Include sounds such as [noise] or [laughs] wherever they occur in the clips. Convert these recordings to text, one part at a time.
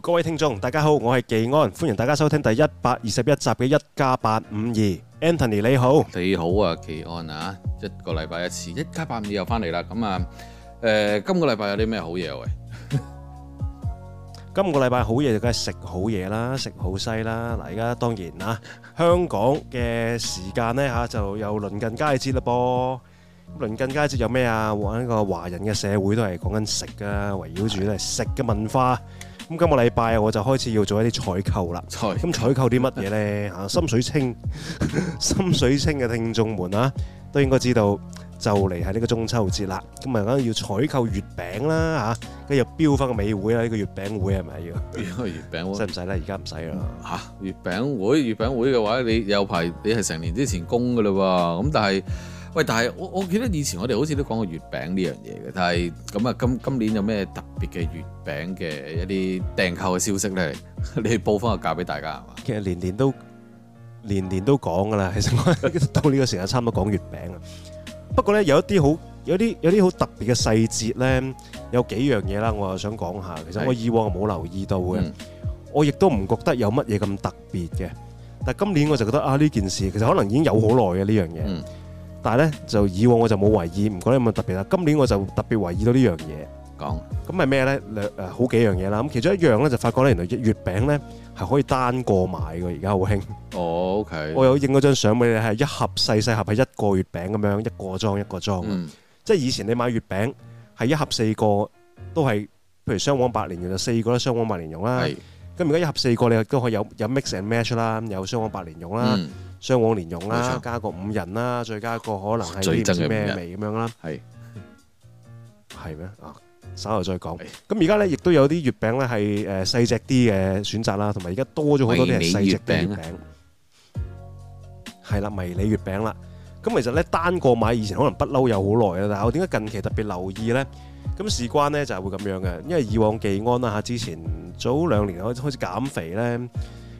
各位聽眾，大家好，我係奇安，歡迎大家收聽第一百二十一集嘅一加八五二。Anthony 你好，你好啊，奇安啊，一個禮拜一次一加八五二又翻嚟啦。咁啊，誒，今個禮拜有啲咩好嘢喂？今個禮拜好嘢，就梗係食好嘢啦，食好西啦。嗱，而家當然啊，香港嘅時間呢吓就又臨近佳節啦，噃臨近佳節有咩啊？喺個華人嘅社會都係講緊食啊，圍繞住咧食嘅文化。咁今個禮拜我就開始要做一啲採購啦。採購啲乜嘢咧？吓，心水清，心水清嘅 [laughs] 聽眾們啊，都應該知道，就嚟係呢個中秋節啦。咁啊，梗要採購月餅啦，吓，跟住標翻個美會啦，呢、這個月餅會係咪要？標個月餅會，使唔使咧？而家唔使啦。吓，月餅會，月餅會嘅話，你有排你係成年之前供噶啦喎。咁但係。喂，但係我我記得以前我哋好似都講過月餅呢樣嘢嘅，但係咁啊，今今年有咩特別嘅月餅嘅一啲訂購嘅消息咧？ [laughs] 你報翻個價俾大家係嘛？其實年年都年年都講㗎啦，其實我到呢個時候差唔多講月餅啦。不過咧，有一啲好有啲有啲好特別嘅細節咧，有幾樣嘢啦，我啊想講下。其實我以往冇留意到嘅，嗯、我亦都唔覺得有乜嘢咁特別嘅。但係今年我就覺得啊，呢件事其實可能已經有好耐嘅呢樣嘢。但係咧就以往我就冇留意，唔覺得有乜特別啦。今年我就特別留意到呢樣嘢。講咁係咩咧？兩誒好幾樣嘢啦。咁其中一樣咧就發覺咧，原來月餅咧係可以單個買嘅。而家好興。哦，OK。我有影嗰張相俾你，係一盒細細盒係一個月餅咁樣，一個裝一個裝。嗯。即係以前你買月餅係一盒四個，都係譬如雙黃蓮蓉四個啦，雙黃蓮蓉啦。係。咁而家一盒四個，你都可以有有 mix and match 啦，有雙黃蓮蓉啦。嗯。相往連用啦，加個五仁啦，再加個可能係唔知咩味咁樣啦，係係咩啊？稍後再講。咁而家咧，亦都有啲月餅咧係誒細隻啲嘅選擇啦，同埋而家多咗好多啲係細隻月餅，係啦，迷你月餅啦。咁其實咧，單個買以前可能不嬲有好耐啦，但係我點解近期特別留意咧？咁事關咧就係會咁樣嘅，因為以往技安啦嚇，之前早兩年開開始減肥咧。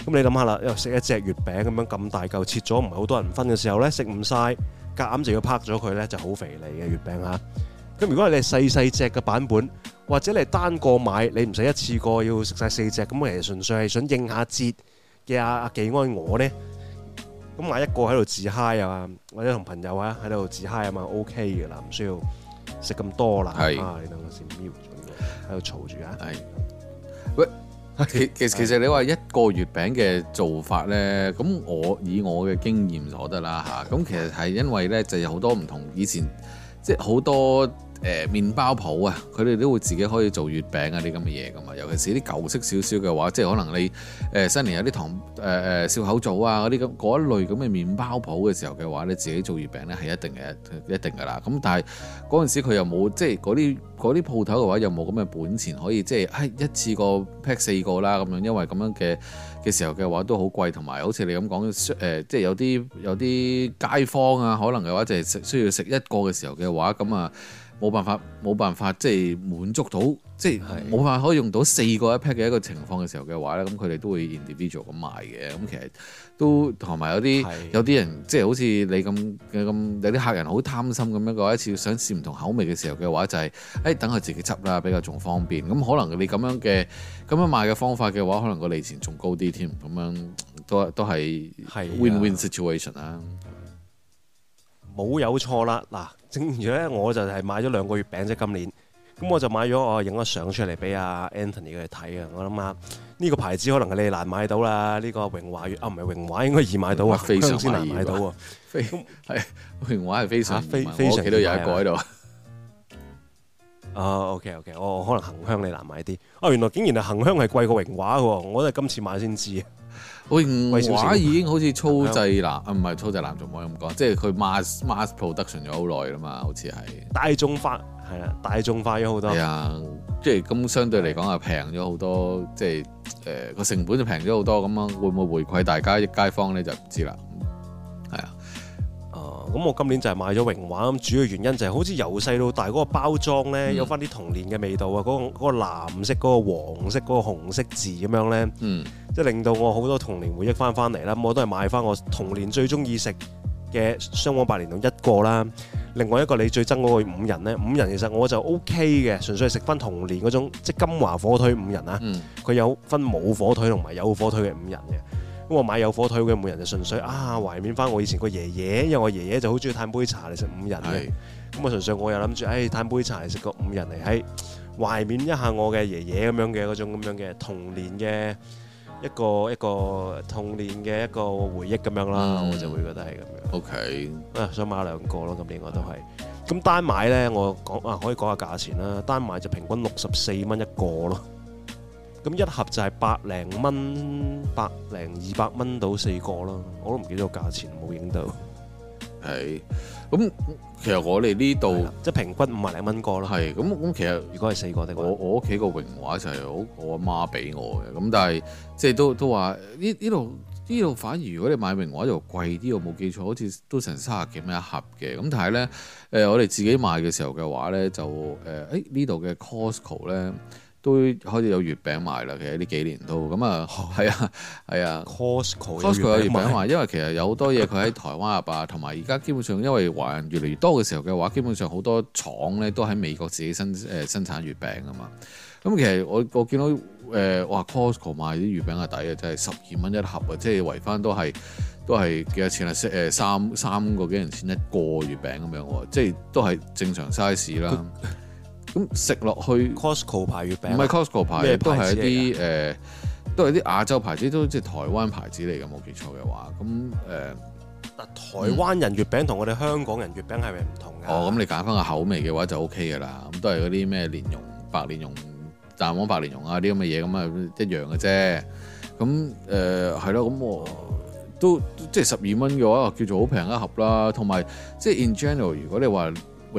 咁你諗下啦，又食一隻月餅咁樣咁大嚿，切咗唔係好多人分嘅時候咧，食唔晒，夾硬就要 pack 咗佢咧，就好肥膩嘅月餅嚇。咁如果係你細細隻嘅版本，或者你係單個買，你唔使一次過要食晒四隻，咁其實純粹係想應下節嘅阿阿技安我咧，咁買一個喺度自 high 啊，或者同朋友啊喺度自 high 啊嘛，OK 嘅啦，唔需要食咁多啦，是啊，你等我先喺度嘈住啊，係，喂是。嗯其其實你話一個月餅嘅做法呢，咁我以我嘅經驗所得啦嚇，咁其實係因為呢，就有好多唔同以前，即係好多，誒麵、呃、包鋪啊，佢哋都會自己可以做月餅啊啲咁嘅嘢噶嘛。尤其是啲舊式少少嘅話，即係可能你誒、呃、新年有啲糖誒誒笑口棗啊嗰啲咁嗰一類咁嘅麵包鋪嘅時候嘅話，你自己做月餅咧係一定嘅一定噶啦。咁、嗯、但係嗰陣時佢又冇即係嗰啲啲鋪頭嘅話又冇咁嘅本錢可以即係、哎、一次過 pack 四個啦咁樣，因為咁樣嘅嘅時候嘅話都好貴，同埋好似你咁講誒，即係有啲有啲街坊啊，可能嘅話就係、是、食需要食一個嘅時候嘅話咁啊。冇辦法，冇辦法即係滿足到即係冇辦法可以用到四個一 pack 嘅一個情況嘅時候嘅話咧，咁佢哋都會 individual 咁賣嘅。咁其實都同埋有啲的有啲人即係好似你咁咁有啲客人好貪心咁樣嘅話，一次想試唔同口味嘅時候嘅話就係、是、誒等佢自己執啦，比較仲方便。咁可能你咁樣嘅咁樣賣嘅方法嘅話，可能個利錢仲高啲添。咁樣都都係 win win situation 啊。冇有錯啦！嗱，正住咧，我就係買咗兩個月餅啫，今年咁我就買咗，我影咗相出嚟俾阿 Anthony 佢哋睇啊！我諗下，呢、呢個牌子可能係你難買到啦，呢個榮華月啊，唔係榮華，應該易買到啊，非常之難買到啊，非係榮華係非常，非常，我屋企都有一個喺度。啊，OK OK，我可能恒香你難買啲啊，原來竟然係恒香係貴過榮華嘅，我都係今次買先知。喂，畫已經好似粗製濫，唔係的、啊、粗製濫仲可以咁講，即係佢 mass mass production 咗好耐啦嘛，好似係。大眾化係啊，大眾化咗好多。係啊，即係咁相對嚟講啊，平咗好多，即係誒個成本就平咗好多。咁啊，會唔會回饋大家一街坊咧就唔知啦。係啊，哦，咁我今年就係買咗榮華，咁主要原因就係好似由細到大嗰、那個包裝咧，嗯、有返啲童年嘅味道啊！嗰、那個嗰、那個、藍色、嗰、那個黃色、嗰、那個紅色字咁、那個、樣咧，嗯。即係令到我好多童年回憶翻翻嚟啦。咁我都係買翻我童年最中意食嘅雙黃白蓮蓉一個啦。另外一個你最憎嗰個五仁咧，五仁其實我就 O K 嘅，純粹係食翻童年嗰種即係金華火腿五仁啊。佢有分冇火腿同埋有火腿嘅五仁嘅。咁我買有火腿嗰個五仁就純粹啊懷念翻我以前個爺爺，因為我爺爺就好中意嘆杯茶嚟食五仁嘅。咁啊，純粹我又諗住誒嘆杯茶嚟食個五仁嚟喺懷念一下我嘅爺爺咁樣嘅嗰種咁樣嘅童年嘅。一個一個童年嘅一個回憶咁樣啦，嗯、我就會覺得係咁樣。O K，啊，想買兩個咯，今年我都係。咁的單買呢，我講啊，可以講下價錢啦。單買就平均六十四蚊一個咯。咁一盒就係百零蚊，百零二百蚊到四個啦。我都唔記得個價錢，冇影到。係。咁其實我哋呢度即係平均五萬零蚊個咯。係咁咁，其實如果係四個的話，我我屋企個榮華就係我阿媽俾我嘅。咁但係即係都都話呢呢度呢度反而如果你買榮華就貴啲，我冇記錯好似都成三十幾蚊一盒嘅。咁但係咧誒，我哋自己買嘅時候嘅話咧就誒誒、欸、呢度嘅 Costco 咧。都開始有月餅賣啦，其實呢幾年都咁、嗯、啊，係啊，係啊。Costco 有月餅賣，因為其實有好多嘢佢喺台灣入啊，同埋而家基本上因為華人越嚟越多嘅時候嘅話，基本上好多廠咧都喺美國自己生誒、呃、生產月餅啊嘛。咁、嗯、其實我我見到誒話、呃、Costco 賣啲月餅係抵嘅，即係十二蚊一盒啊，即係圍翻都係都係幾多錢啊？誒三三個幾銀錢一個月餅咁樣喎，即係都係正常 size 啦。咁食落去，Costco 牌月餅，唔係 Costco 牌，都係一啲誒，都係啲亞洲牌子，都即係台灣牌子嚟嘅，冇記錯嘅話。咁誒，嗱、呃，台灣人月餅同、嗯、我哋香港人月餅係咪唔同啊？哦，咁你揀翻個口味嘅話就 OK 㗎啦。咁都係嗰啲咩蓮蓉、白蓮蓉、蛋黃白蓮蓉啊啲咁嘅嘢，咁啊一樣嘅啫。咁誒係咯，咁、呃、都即係十二蚊嘅話，叫做好平一盒啦。同埋即係 in general，如果你話，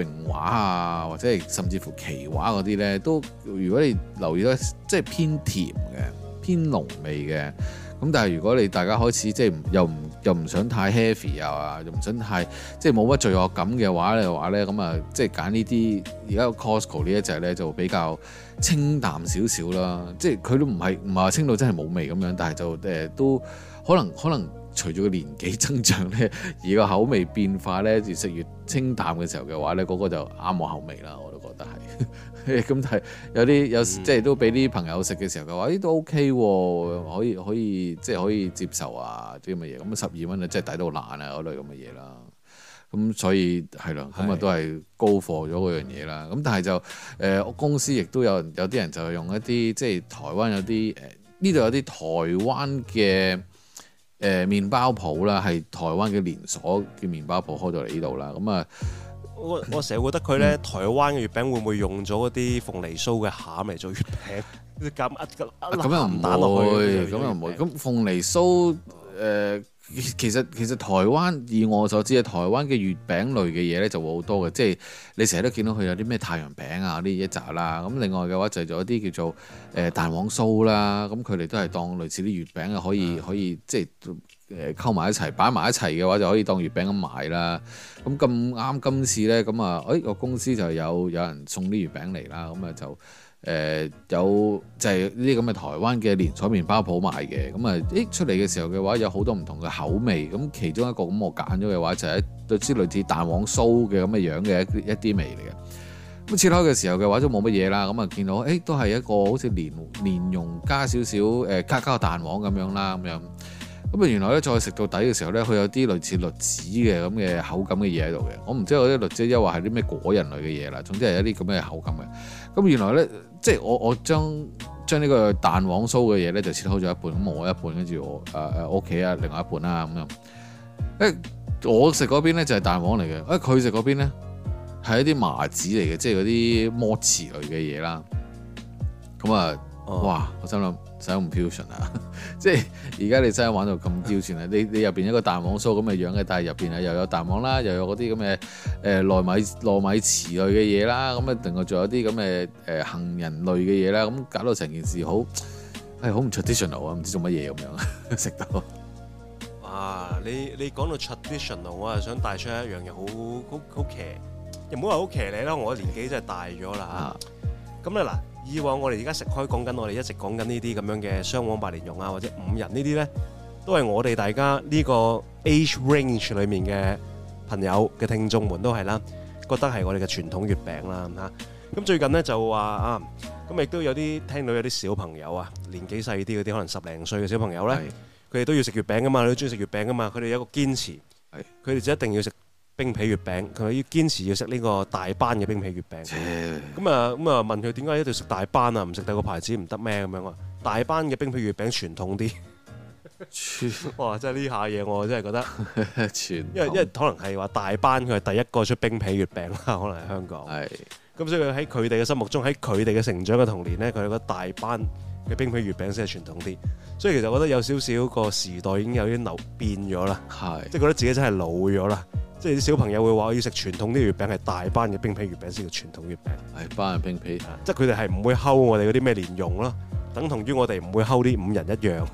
榮華啊，或者係甚至乎奇華嗰啲咧，都如果你留意到，即係偏甜嘅、偏濃味嘅。咁但係如果你大家開始即係又唔又唔想太 heavy 啊，又唔想太即係冇乜罪惡感嘅話咧，話咧咁啊，即係揀呢啲而家 Costco 呢一隻咧，就比較清淡少少啦。即係佢都唔係唔係話清到真係冇味咁樣，但係就誒、呃、都可能可能。隨住個年紀增長咧，而個口味變化咧，越食越清淡嘅時候嘅話咧，嗰個就啱我口味啦，我都覺得係。咁 [laughs] 但係有啲有即係都俾啲朋友食嘅時候嘅話，咦、欸，都 OK 喎、啊，可以可以即係可以接受啊啲咁嘅嘢。咁十二蚊啊，即係抵到爛啊嗰類咁嘅嘢啦。咁所以係啦，咁啊都係高貨咗嗰樣嘢啦。咁的但係就誒，我公司亦都有有啲人就用一啲即係台灣有啲誒，呢度有啲台灣嘅。誒、呃、麵包鋪啦，係台灣嘅連鎖嘅麵包鋪開咗嚟呢度啦，咁啊，我我成日覺得佢咧，嗯、台灣嘅月餅會唔會用咗嗰啲鳳梨酥嘅餡嚟做月餅？咁啊，咁又唔會，咁、啊、又唔會，咁鳳梨酥。誒、呃、其實其實台灣，以我所知啊，台灣嘅月餅類嘅嘢咧就會好多嘅，即係你成日都見到佢有啲咩太陽餅啊，呢一紮啦、啊，咁另外嘅話就做一啲叫做誒、呃、蛋黃酥啦、啊，咁佢哋都係當類似啲月餅啊，可以、嗯、可以即係誒溝埋一齊擺埋一齊嘅話，就可以當月餅咁賣啦。咁咁啱今次呢，咁啊誒個公司就有有人送啲月餅嚟啦，咁啊就。誒、呃、有就係呢啲咁嘅台灣嘅連鎖麵包鋪賣嘅，咁啊誒出嚟嘅時候嘅話有好多唔同嘅口味，咁其中一個咁我揀咗嘅話就係一類似類似蛋黃酥嘅咁嘅樣嘅一啲味嚟嘅。咁切開嘅時候嘅話都冇乜嘢啦，咁啊見到誒都係一個好似蓮蓮蓉加少少誒加加蛋黃咁樣啦咁樣，咁啊原來咧再食到底嘅時候咧，佢有啲類似栗子嘅咁嘅口感嘅嘢喺度嘅。我唔知有啲栗子又話係啲咩果仁類嘅嘢啦，總之係一啲咁嘅口感嘅。咁原來咧。即係我我將將呢個蛋黃酥嘅嘢咧就切好咗一半，咁我一半，跟住我誒誒屋企啊，呃、另外一半啦咁樣。誒我食嗰邊咧就係蛋黃嚟嘅，誒佢食嗰邊咧係一啲麻子嚟嘅，即係嗰啲魔茨類嘅嘢啦。咁啊，嗯、哇！我心諗。使唔 traditional 啊！即係而家你真係玩到咁 traditional 啊！你你入邊一個蛋黃酥咁嘅樣嘅，但係入邊啊又有蛋黃啦，又有嗰啲咁嘅誒糯米糯米糍類嘅嘢啦，咁啊另外仲有啲咁嘅誒杏仁類嘅嘢啦，咁、嗯、搞到成件事好係好唔 traditional 啊！唔知做乜嘢咁樣啊？食到哇！你你講到 traditional，我係想帶出一樣嘢，好好好騎，又唔好話好騎你啦，我年紀真係大咗、嗯、啦嚇。咁咧嗱。以往我哋而家食開講緊，我哋一直講緊呢啲咁樣嘅雙黃白蓮蓉啊，或者五仁呢啲咧，都係我哋大家呢個 age range 裏面嘅朋友嘅聽眾們都係啦，覺得係我哋嘅傳統月餅啦嚇。咁、啊、最近呢，就話啊，咁、啊、亦都有啲聽到有啲小朋友啊，年紀細啲嗰啲，可能十零歲嘅小朋友咧，佢哋的都要食月餅噶嘛，你都中意食月餅噶嘛，佢哋有一個堅持，佢哋就一定要食。冰皮月餅，佢要堅持要食呢個大班嘅冰皮月餅。咁啊、嗯，咁啊，問佢點解一定要食大班啊？唔食第二個牌子唔得咩？咁樣啊，大班嘅冰皮月餅傳統啲。全 [laughs] 哇！即係呢下嘢，我真係覺得全紅因為因為可能係話大班佢係第一個出冰皮月餅啦，可能係香港係咁，是所以佢喺佢哋嘅心目中，喺佢哋嘅成長嘅童年咧，佢覺得大班嘅冰皮月餅先係傳統啲。所以其實我覺得有少少個時代已經有啲流變咗啦，係即係覺得自己真係老咗啦。即係啲小朋友會話：要食傳統啲月餅係大班嘅冰皮月餅先叫傳統月餅，係班嘅冰皮，即係佢哋係唔會溝我哋嗰啲咩蓮蓉咯，等同於我哋唔會溝啲五仁一樣。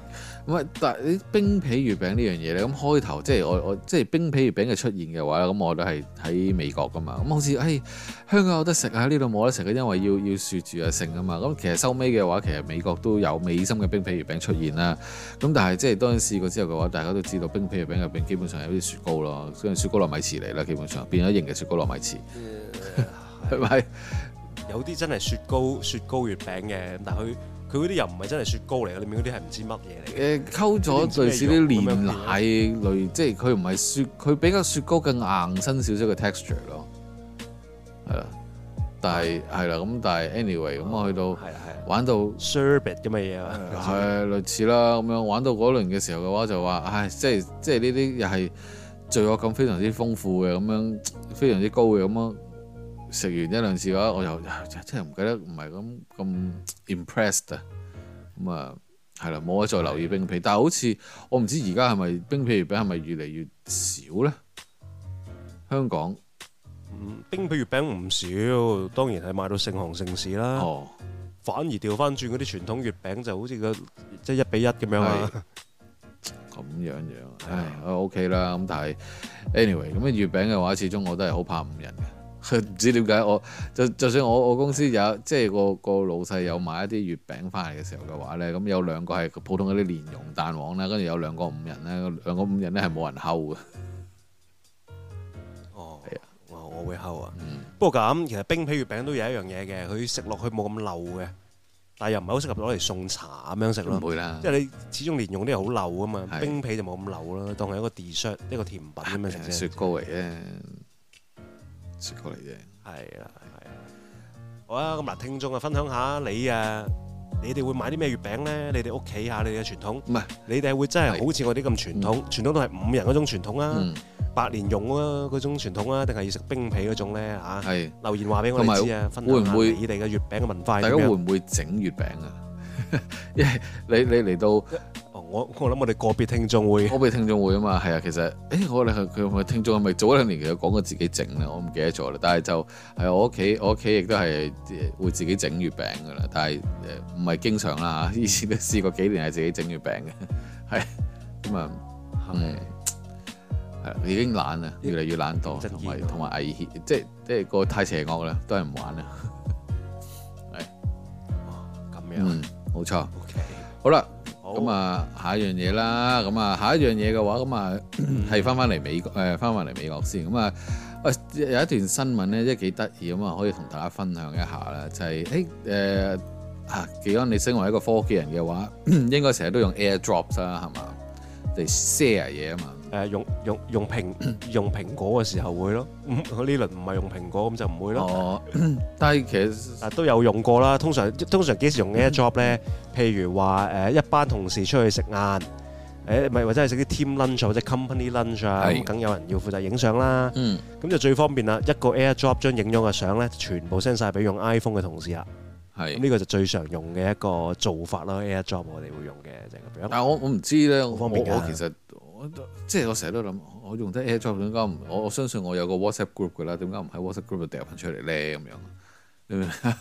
唔係，但係啲冰皮月餅呢樣嘢咧，咁開頭即係我我即係、就是、冰皮月餅嘅出現嘅話，咁我都係喺美國㗎嘛。咁好似喺、哎、香港有得食啊，呢度冇得食，因為要要雪住就成啊嘛。咁其實收尾嘅話，其實美國都有美心嘅冰皮月餅出現啦。咁但係即係當我試過之後嘅話，大家都知道冰皮月餅入邊基本上有啲雪糕咯，即係雪糕糯米糍嚟啦，基本上變咗型嘅雪糕糯米糍。係咪有啲真係雪糕雪糕月餅嘅？但係佢。佢嗰啲又唔係真係雪糕嚟嘅，裏面嗰啲係唔知乜嘢嚟嘅。誒，溝咗類似啲煉奶類，即係佢唔係雪，佢 [laughs] 比較雪糕更硬身少少嘅 texture 咯。係啦，但係係啦，咁 [laughs] 但係 anyway，咁我、啊、去到係啦玩到 sherbet 咁嘅嘢啊，係 [laughs] 類似啦，咁樣玩到嗰輪嘅時候嘅話就話，唉，即係即係呢啲又係罪惡感非常之豐富嘅，咁樣非常之高嘅咁啊。食完一兩次嘅話，我又真係唔記得，唔係咁咁 impressed 嘅，咁啊係啦，冇、嗯、得再留意冰皮，嗯、但係好似我唔知而家係咪冰皮月餅係咪越嚟越少咧？香港冰皮月餅唔少，當然係賣到盛行盛市啦。哦，反而掉翻轉嗰啲傳統月餅就好似個即係一比一咁樣啦、啊。咁樣樣， [laughs] 唉，OK 啦。咁但係 anyway，咁嘅月餅嘅話，始終我都係好怕五仁嘅。唔知點解我，就就算我我公司有即係個個老細有買一啲月餅翻嚟嘅時候嘅話咧，咁有兩個係普通嗰啲蓮蓉蛋黃啦，跟住有兩個五仁啦，兩個五仁咧係冇人溝嘅。哦，係啊，我、哦、我會溝啊。嗯、不過咁其實冰皮月餅都有一樣嘢嘅，佢食落去冇咁漏嘅，但又唔係好適合攞嚟送茶咁樣食咯。唔會啦，即係你始終蓮蓉啲係好漏啊嘛，的冰皮就冇咁漏啦，當係一個 dessert 一個甜品咁樣食雪糕嚟嘅。食過嚟嘅，係啦，係啦，好啊！咁嗱，聽眾啊，分享下你啊，你哋會買啲咩月餅咧？你哋屋企嚇，你哋嘅傳統唔係？你哋係會真係好似我哋咁傳統，傳統都係五仁嗰種傳統啊，白蓮蓉啊嗰種傳統啊，定係要食冰皮嗰種咧嚇？係留言話俾我哋知啊，分享下你哋嘅月餅嘅文化。大家會唔會整月餅啊？你你嚟到。我我諗我哋個別聽眾會個別聽眾會啊嘛，係啊，其實誒，我哋佢佢聽眾係咪早一兩年其實講過自己整呢，我唔記得咗啦。但係就係我屋企，我屋企亦都係會自己整月餅噶啦。但係誒唔係經常啦，以前都試過幾年係自己整月餅嘅，係咁啊，係、嗯、係的、嗯、已經懶啦，越嚟越懶惰，同埋同埋危險，即係即係個太邪惡啦，都係唔玩啦。係 [laughs] 咁的樣，冇錯、嗯、，OK，好啦。咁啊，下一樣嘢啦，咁啊，下一樣嘢嘅話，咁啊，係翻翻嚟美國，誒、呃，翻翻嚟美國先，咁啊，誒、呃，有一段新聞咧，即係幾得意，咁啊，可以同大家分享一下啦，就係誒誒啊，既然，你身為一個科技人嘅話， [coughs] 應該成日都用 AirDrop 啦，係嘛？嚟 share 嘢啊嘛。誒用用用蘋用蘋果嘅時候會咯，咁呢輪唔係用蘋果咁就唔會咯。哦，但係其實啊都有用過啦。通常通常幾時用 AirDrop 咧？譬如話誒一班同事出去食晏，誒咪或者係食啲 team lunch 或者 company lunch 啊，咁梗有人要負責影相啦。嗯，咁就最方便啦。一個 AirDrop 將影咗嘅相咧，全部 send 曬俾用 iPhone 嘅同事啦。係，咁呢個就最常用嘅一個做法啦。AirDrop 我哋會用嘅就係咁樣。但係我我唔知咧，我我其實。即係我成日都諗，我用得 AirDrop 點解唔我我相信我有個 WhatsApp group 嘅啦，點解唔喺 WhatsApp group 掉翻出嚟咧咁樣？你明唔明？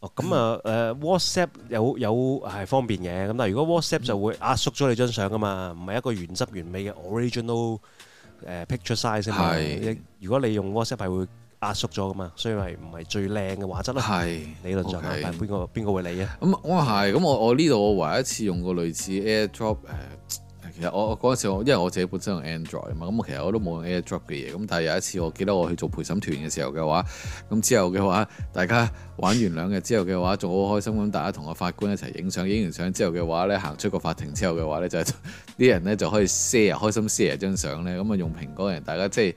哦，咁啊誒 WhatsApp 有有係方便嘅，咁但係如果 WhatsApp 就會壓縮咗你張相噶嘛，唔係、嗯、一個原汁原味嘅 original 誒、uh, picture size 嘛是。如果你用 WhatsApp 係會壓縮咗噶嘛，所以咪唔係最靚嘅畫質咧？係理是論上，okay, 但係邊個邊個會理啊？咁、嗯、我係咁我我呢度我唯一一次用過類似 AirDrop 誒、uh,。其實我我嗰時，因為我自己本身用 Android 啊嘛，咁其實我都冇用 AirDrop 嘅嘢。咁但係有一次，我記得我去做陪審團嘅時候嘅話，咁之後嘅話，大家玩完兩日之後嘅話，仲好開心。咁大家同個法官一齊影相，影完相之後嘅話咧，行出個法庭之後嘅話咧，就係、是、啲 [laughs] 人咧就可以 share 開心 share 張相咧。咁啊用蘋果嘅人，大家即係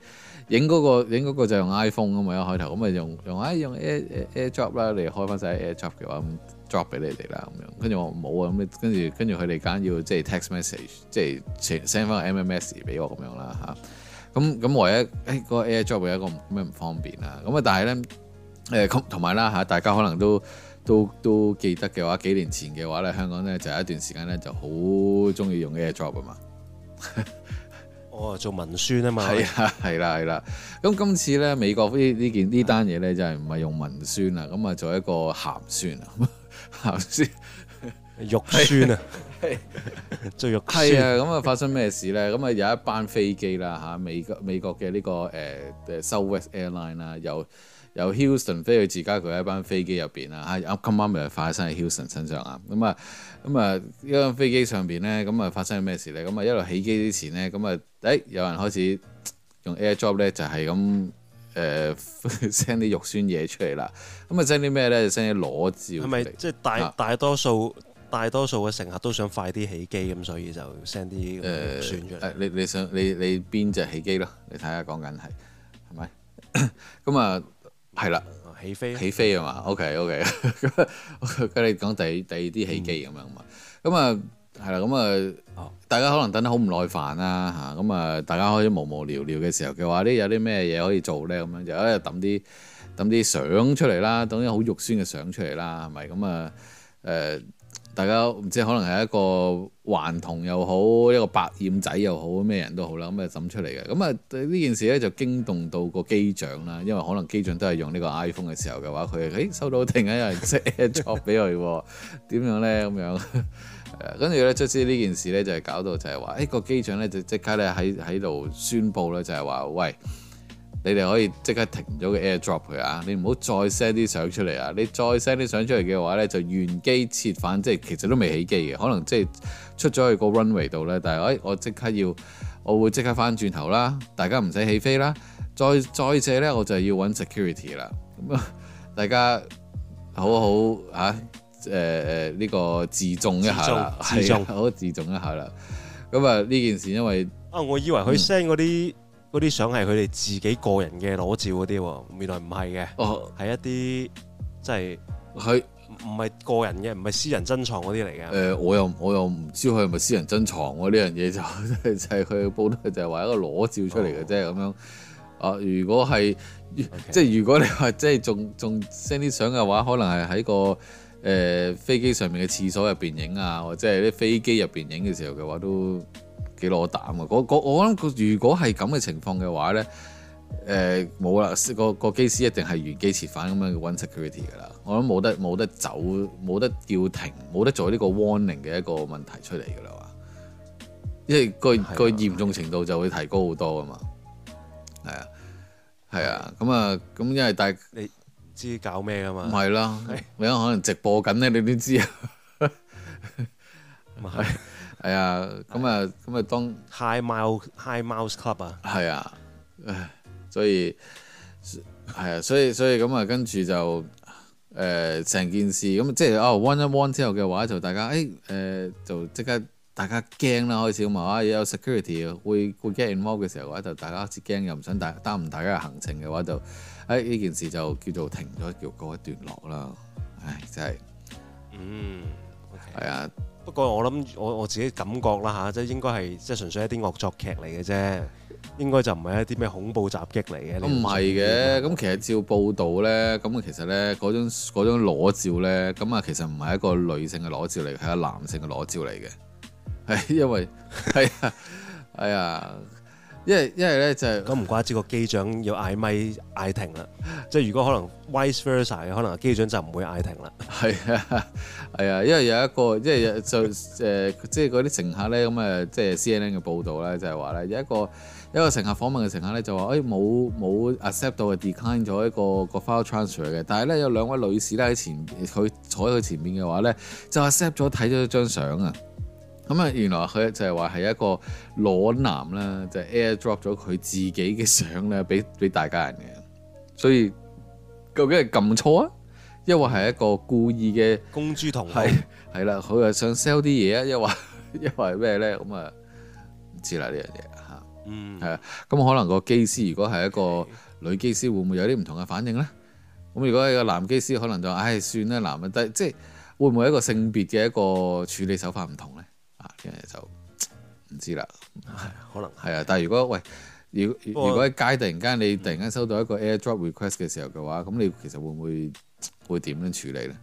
影嗰個影嗰個就用 iPhone 咁嘛，一開頭咁啊用用啊用 Air AirDrop 啦嚟開翻晒 AirDrop 嘅話。job 俾你哋啦，咁樣跟住我冇啊，咁跟住跟住佢哋間要即係 text message，即係 send 翻個 MMS 俾我咁樣啦嚇。咁咁唯一誒個 Air Job 有一個咩唔方便啊？咁啊，但係咧誒同埋啦嚇，大家可能都都都記得嘅話，幾年前嘅話咧，香港咧就有一段時間咧就好中意用 Air Job 啊嘛。我、 [laughs] 哦、做文宣啊嘛。係啦係啦係啦。咁今次咧美國呢件呢單嘢咧就係唔係用文宣啊，咁啊做一個鹹酸啊。頭先，肉酸 [laughs] 啊， [laughs] [laughs] 最肉酸。係啊，咁啊，發生咩事咧？咁啊，有一班飛機啦，吓、啊、美美國嘅呢、這個誒誒 Southwest Airline 啦，由由 Houston 飛去芝加哥一班飛機入邊啦，吓、啊，今晚咪發生喺 Houston 身上啊。咁啊，咁啊，機呢班飛機上邊咧，咁啊，發生咩事咧？咁啊，一路起機之前咧，咁啊，誒、欸，有人開始用 AirDrop 咧，就係咁。誒，send 啲肉酸嘢出嚟啦，咁啊 send 啲咩咧？send 啲裸照。係咪即係大大多數大多數嘅乘客都想快啲起機咁，所以就 send 啲肉酸出嚟。 [laughs] 你你想你你邊隻起機咯？你睇下講緊係係咪？咁啊，係 [coughs] [coughs] 啦，起飛起飛啊起飛嘛。的 OK OK，咁跟你講第第二啲起機咁樣嘛。咁啊。係啦，咁啊，嗯嗯、大家可能等得好唔耐煩啦。嚇咁啊、嗯，大家可以無無聊聊嘅時候，嘅話呢有啲咩嘢可以做呢？咁樣就一日抌啲抌啲相出嚟啦，等啲好肉酸嘅相出嚟啦，係咪咁啊？誒、嗯嗯，大家唔知可能係一個頑童又好，一個白臉仔又好，咩人都好啦，咁啊抌出嚟嘅咁啊呢件事呢，就驚動到個機長啦，因為可能機長都係用呢個 iPhone 嘅時候嘅話，佢收到突喺 [laughs] 有人 send 咗俾佢，點 [laughs] 樣呢？咁樣？ [laughs] 跟住呢，出事呢件事呢，就係、是、搞到就係話，誒、哎那個機長呢，就即刻呢喺喺度宣佈呢，就係、是、話，喂，你哋可以即刻停咗個 AirDrop 佢啊！你唔好再 send 啲相出嚟啊！你再 send 啲相出嚟嘅話呢，就原機折返，即係其實都未起機嘅，可能即、就、係、是、出咗去個 runway 度呢。但係、哎、我即刻要，我會即刻翻轉頭啦，大家唔使起飛啦，再再者呢，我就要揾 security 啦、啊，大家好好嚇。好啊。誒誒，呢個自重一下啦，自重好自重一下啦。咁啊，呢件事因為啊，我以為佢 send 嗰啲啲相係佢哋自己個人嘅裸照嗰啲，原來唔係嘅。哦，係一啲即係佢唔唔係個人嘅，唔係私人珍藏嗰啲嚟嘅。誒，我又我又唔知佢係咪私人珍藏喎？呢樣嘢就就係佢報得，就係話一個裸照出嚟嘅啫。咁樣啊，如果係即係如果你話即係仲仲 send 啲相嘅話，可能係喺個。誒，飛機上面嘅廁所入邊影啊或者係啲飛機入邊影嘅時候嘅話，都幾攞膽啊。我我我諗，如果係咁嘅情況嘅話咧，誒冇啦，個個機師一定係原機折返咁樣嘅 security 㗎啦。我諗冇得冇得走，冇得叫停，冇得做呢個 warning 嘅一個問題出嚟㗎啦嘛。因為佢個嚴重程度就會提高好多㗎嘛。係啊，係啊。咁啊，咁因為大。你知搞咩噶嘛？唔係啦， [laughs] 你可能直播緊咧，你都知。唔 [laughs] 係， [laughs] [laughs] [laughs] 係、哎、啊，咁、哎、啊，咁啊，當 High Mouse High Mouse Club 啊，係 [laughs] [laughs] 啊，所以係啊，所以所以咁啊，跟住、嗯、就誒成、呃、件事咁，即係哦 o、oh, one on one 之後嘅話，就大家誒誒、呃，就即刻大家驚啦，開始咁啊，有 security 會 guard in mo 嘅時候嘅話，就大家先驚，又唔想大耽誤大家嘅行程嘅話，就。誒呢、哎、件事就叫做停咗，叫告一段落啦。唉，真係，嗯，係、okay. 啊的。不過我諗，我我自己感覺啦吓、啊，即係應該係即係純粹一啲惡作劇嚟嘅啫。應該就唔係一啲咩恐怖襲擊嚟嘅。唔係嘅，咁其實照報道咧，咁其實咧嗰張嗰張裸照咧，咁啊其實唔係一個女性嘅裸照嚟，係一個男性嘅裸照嚟嘅。係因為係啊，係 [laughs] 啊、哎。哎因為因為咧就係咁，唔怪之個機長要嗌咪嗌停啦，即係 [laughs] 如果可能 vice versa，可能機長就唔會嗌停啦。係啊係啊，因為有一個即係 [laughs] 就誒、是，即係嗰啲乘客咧咁誒，即係 CNN 嘅報導，咧就係話咧，有一個有一個乘客訪問嘅乘客咧就話誒，冇冇 accept 到嘅 decline 咗一個一個 file transfer 嘅，但係咧有兩位女士咧喺前佢坐喺佢前面嘅話咧就 accept 咗睇咗一張相啊。咁啊，原來佢就係話係一個裸男啦，就係 air drop 咗佢自己嘅相咧，俾俾大家人嘅。所以究竟係撳錯啊，因為係一個故意嘅公諸同，係係啦，佢又想 sell 啲嘢啊，因為因為咩咧咁啊？唔知啦呢樣嘢嚇，嗯，係啊。咁可能個機師如果係一個女機師，會唔會有啲唔同嘅反應咧？咁如果係個男機師，可能就唉算啦，男啊但即係會唔會一個性別嘅一個處理手法唔同咧？呢樣就唔知啦、哎，可能係啊。但係如果喂，如果但 如果喺街突然間你突然間收到一個 AirDrop request 嘅時候嘅話，咁你其實會唔會會點樣處理咧？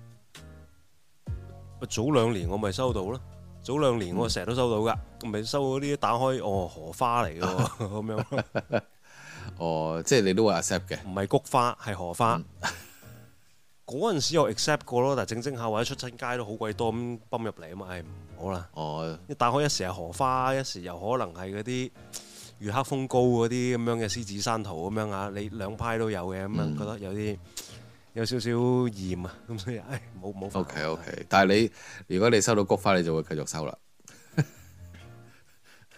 早兩年我咪收到咯，早兩年我成日都收到噶，咪、嗯、收到啲打開哦荷花嚟嘅，咁樣。哦，即係你都會 accept 嘅，唔係菊花，係荷花。嗰陣、嗯、 [laughs] 時我 accept 過咯，但係正整，整下或者出親街都好鬼多咁泵入嚟啊嘛。 [laughs] 好啦，哦，一打開一時係荷花，一時又可能係嗰啲月黑風高嗰啲咁樣嘅獅子山圖咁樣啊，你兩派都有嘅咁樣，嗯、覺得有啲有少少厭啊，咁所以唉，冇、哎、冇。O K O K，但係你如果你收到菊花，你就會繼續收啦，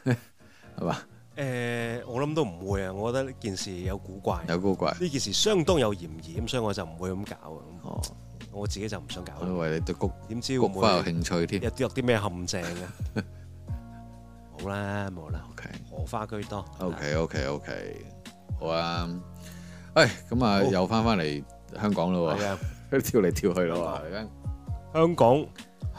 係 [laughs] 嘛 [laughs] 吧？誒、呃，我諗都唔會啊，我覺得呢件事有古怪，有古怪，呢件事相當有嫌疑，所以我就唔會咁搞啊。哦我自己就唔想搞。我以為你對菊點知菊花有興趣添？有跌落啲咩陷阱啊？好啦，冇啦。O K，荷花居多。O K，O K，O K，好啊。哎，咁啊，又翻翻嚟香港咯喎。係啊，佢跳嚟跳去咯喎。香港，